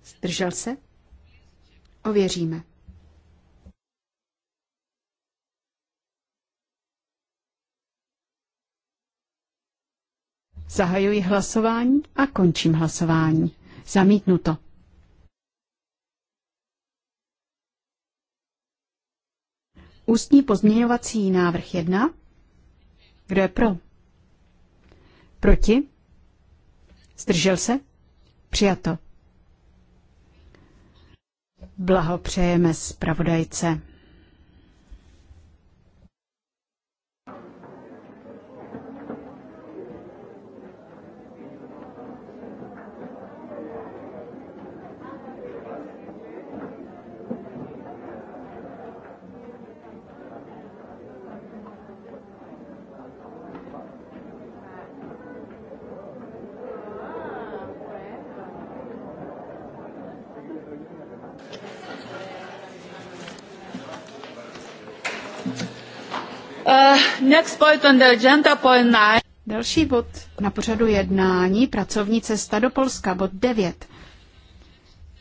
Zdržel se? Ověříme. Zahajuji hlasování a končím hlasování. Zamítnuto. Ústní pozměňovací návrh 1. Kdo je pro? Proti? Zdržel se? Přijato. Blahopřejeme zpravodajce. next point on the agenda, point nine. Další bod na pořadu jednání, pracovní cesta do Polska, bod 9.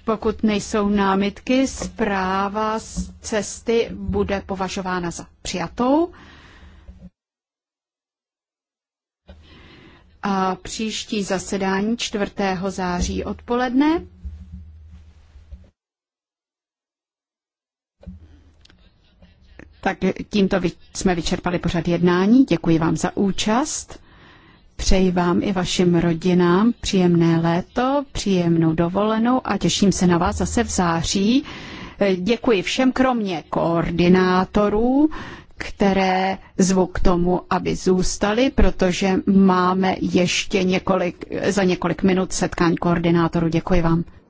Pokud nejsou námitky, zpráva z cesty bude považována za přijatou. A příští zasedání 4. září odpoledne Tak tímto jsme vyčerpali pořad jednání. Děkuji vám za účast. Přeji vám i vašim rodinám příjemné léto, příjemnou dovolenou a těším se na vás zase v září. Eh, děkuji všem, kromě koordinátorů, které zvu k tomu, aby zůstali, protože máme ještě několik, za několik minut setkání koordinátorů. Děkuji vám.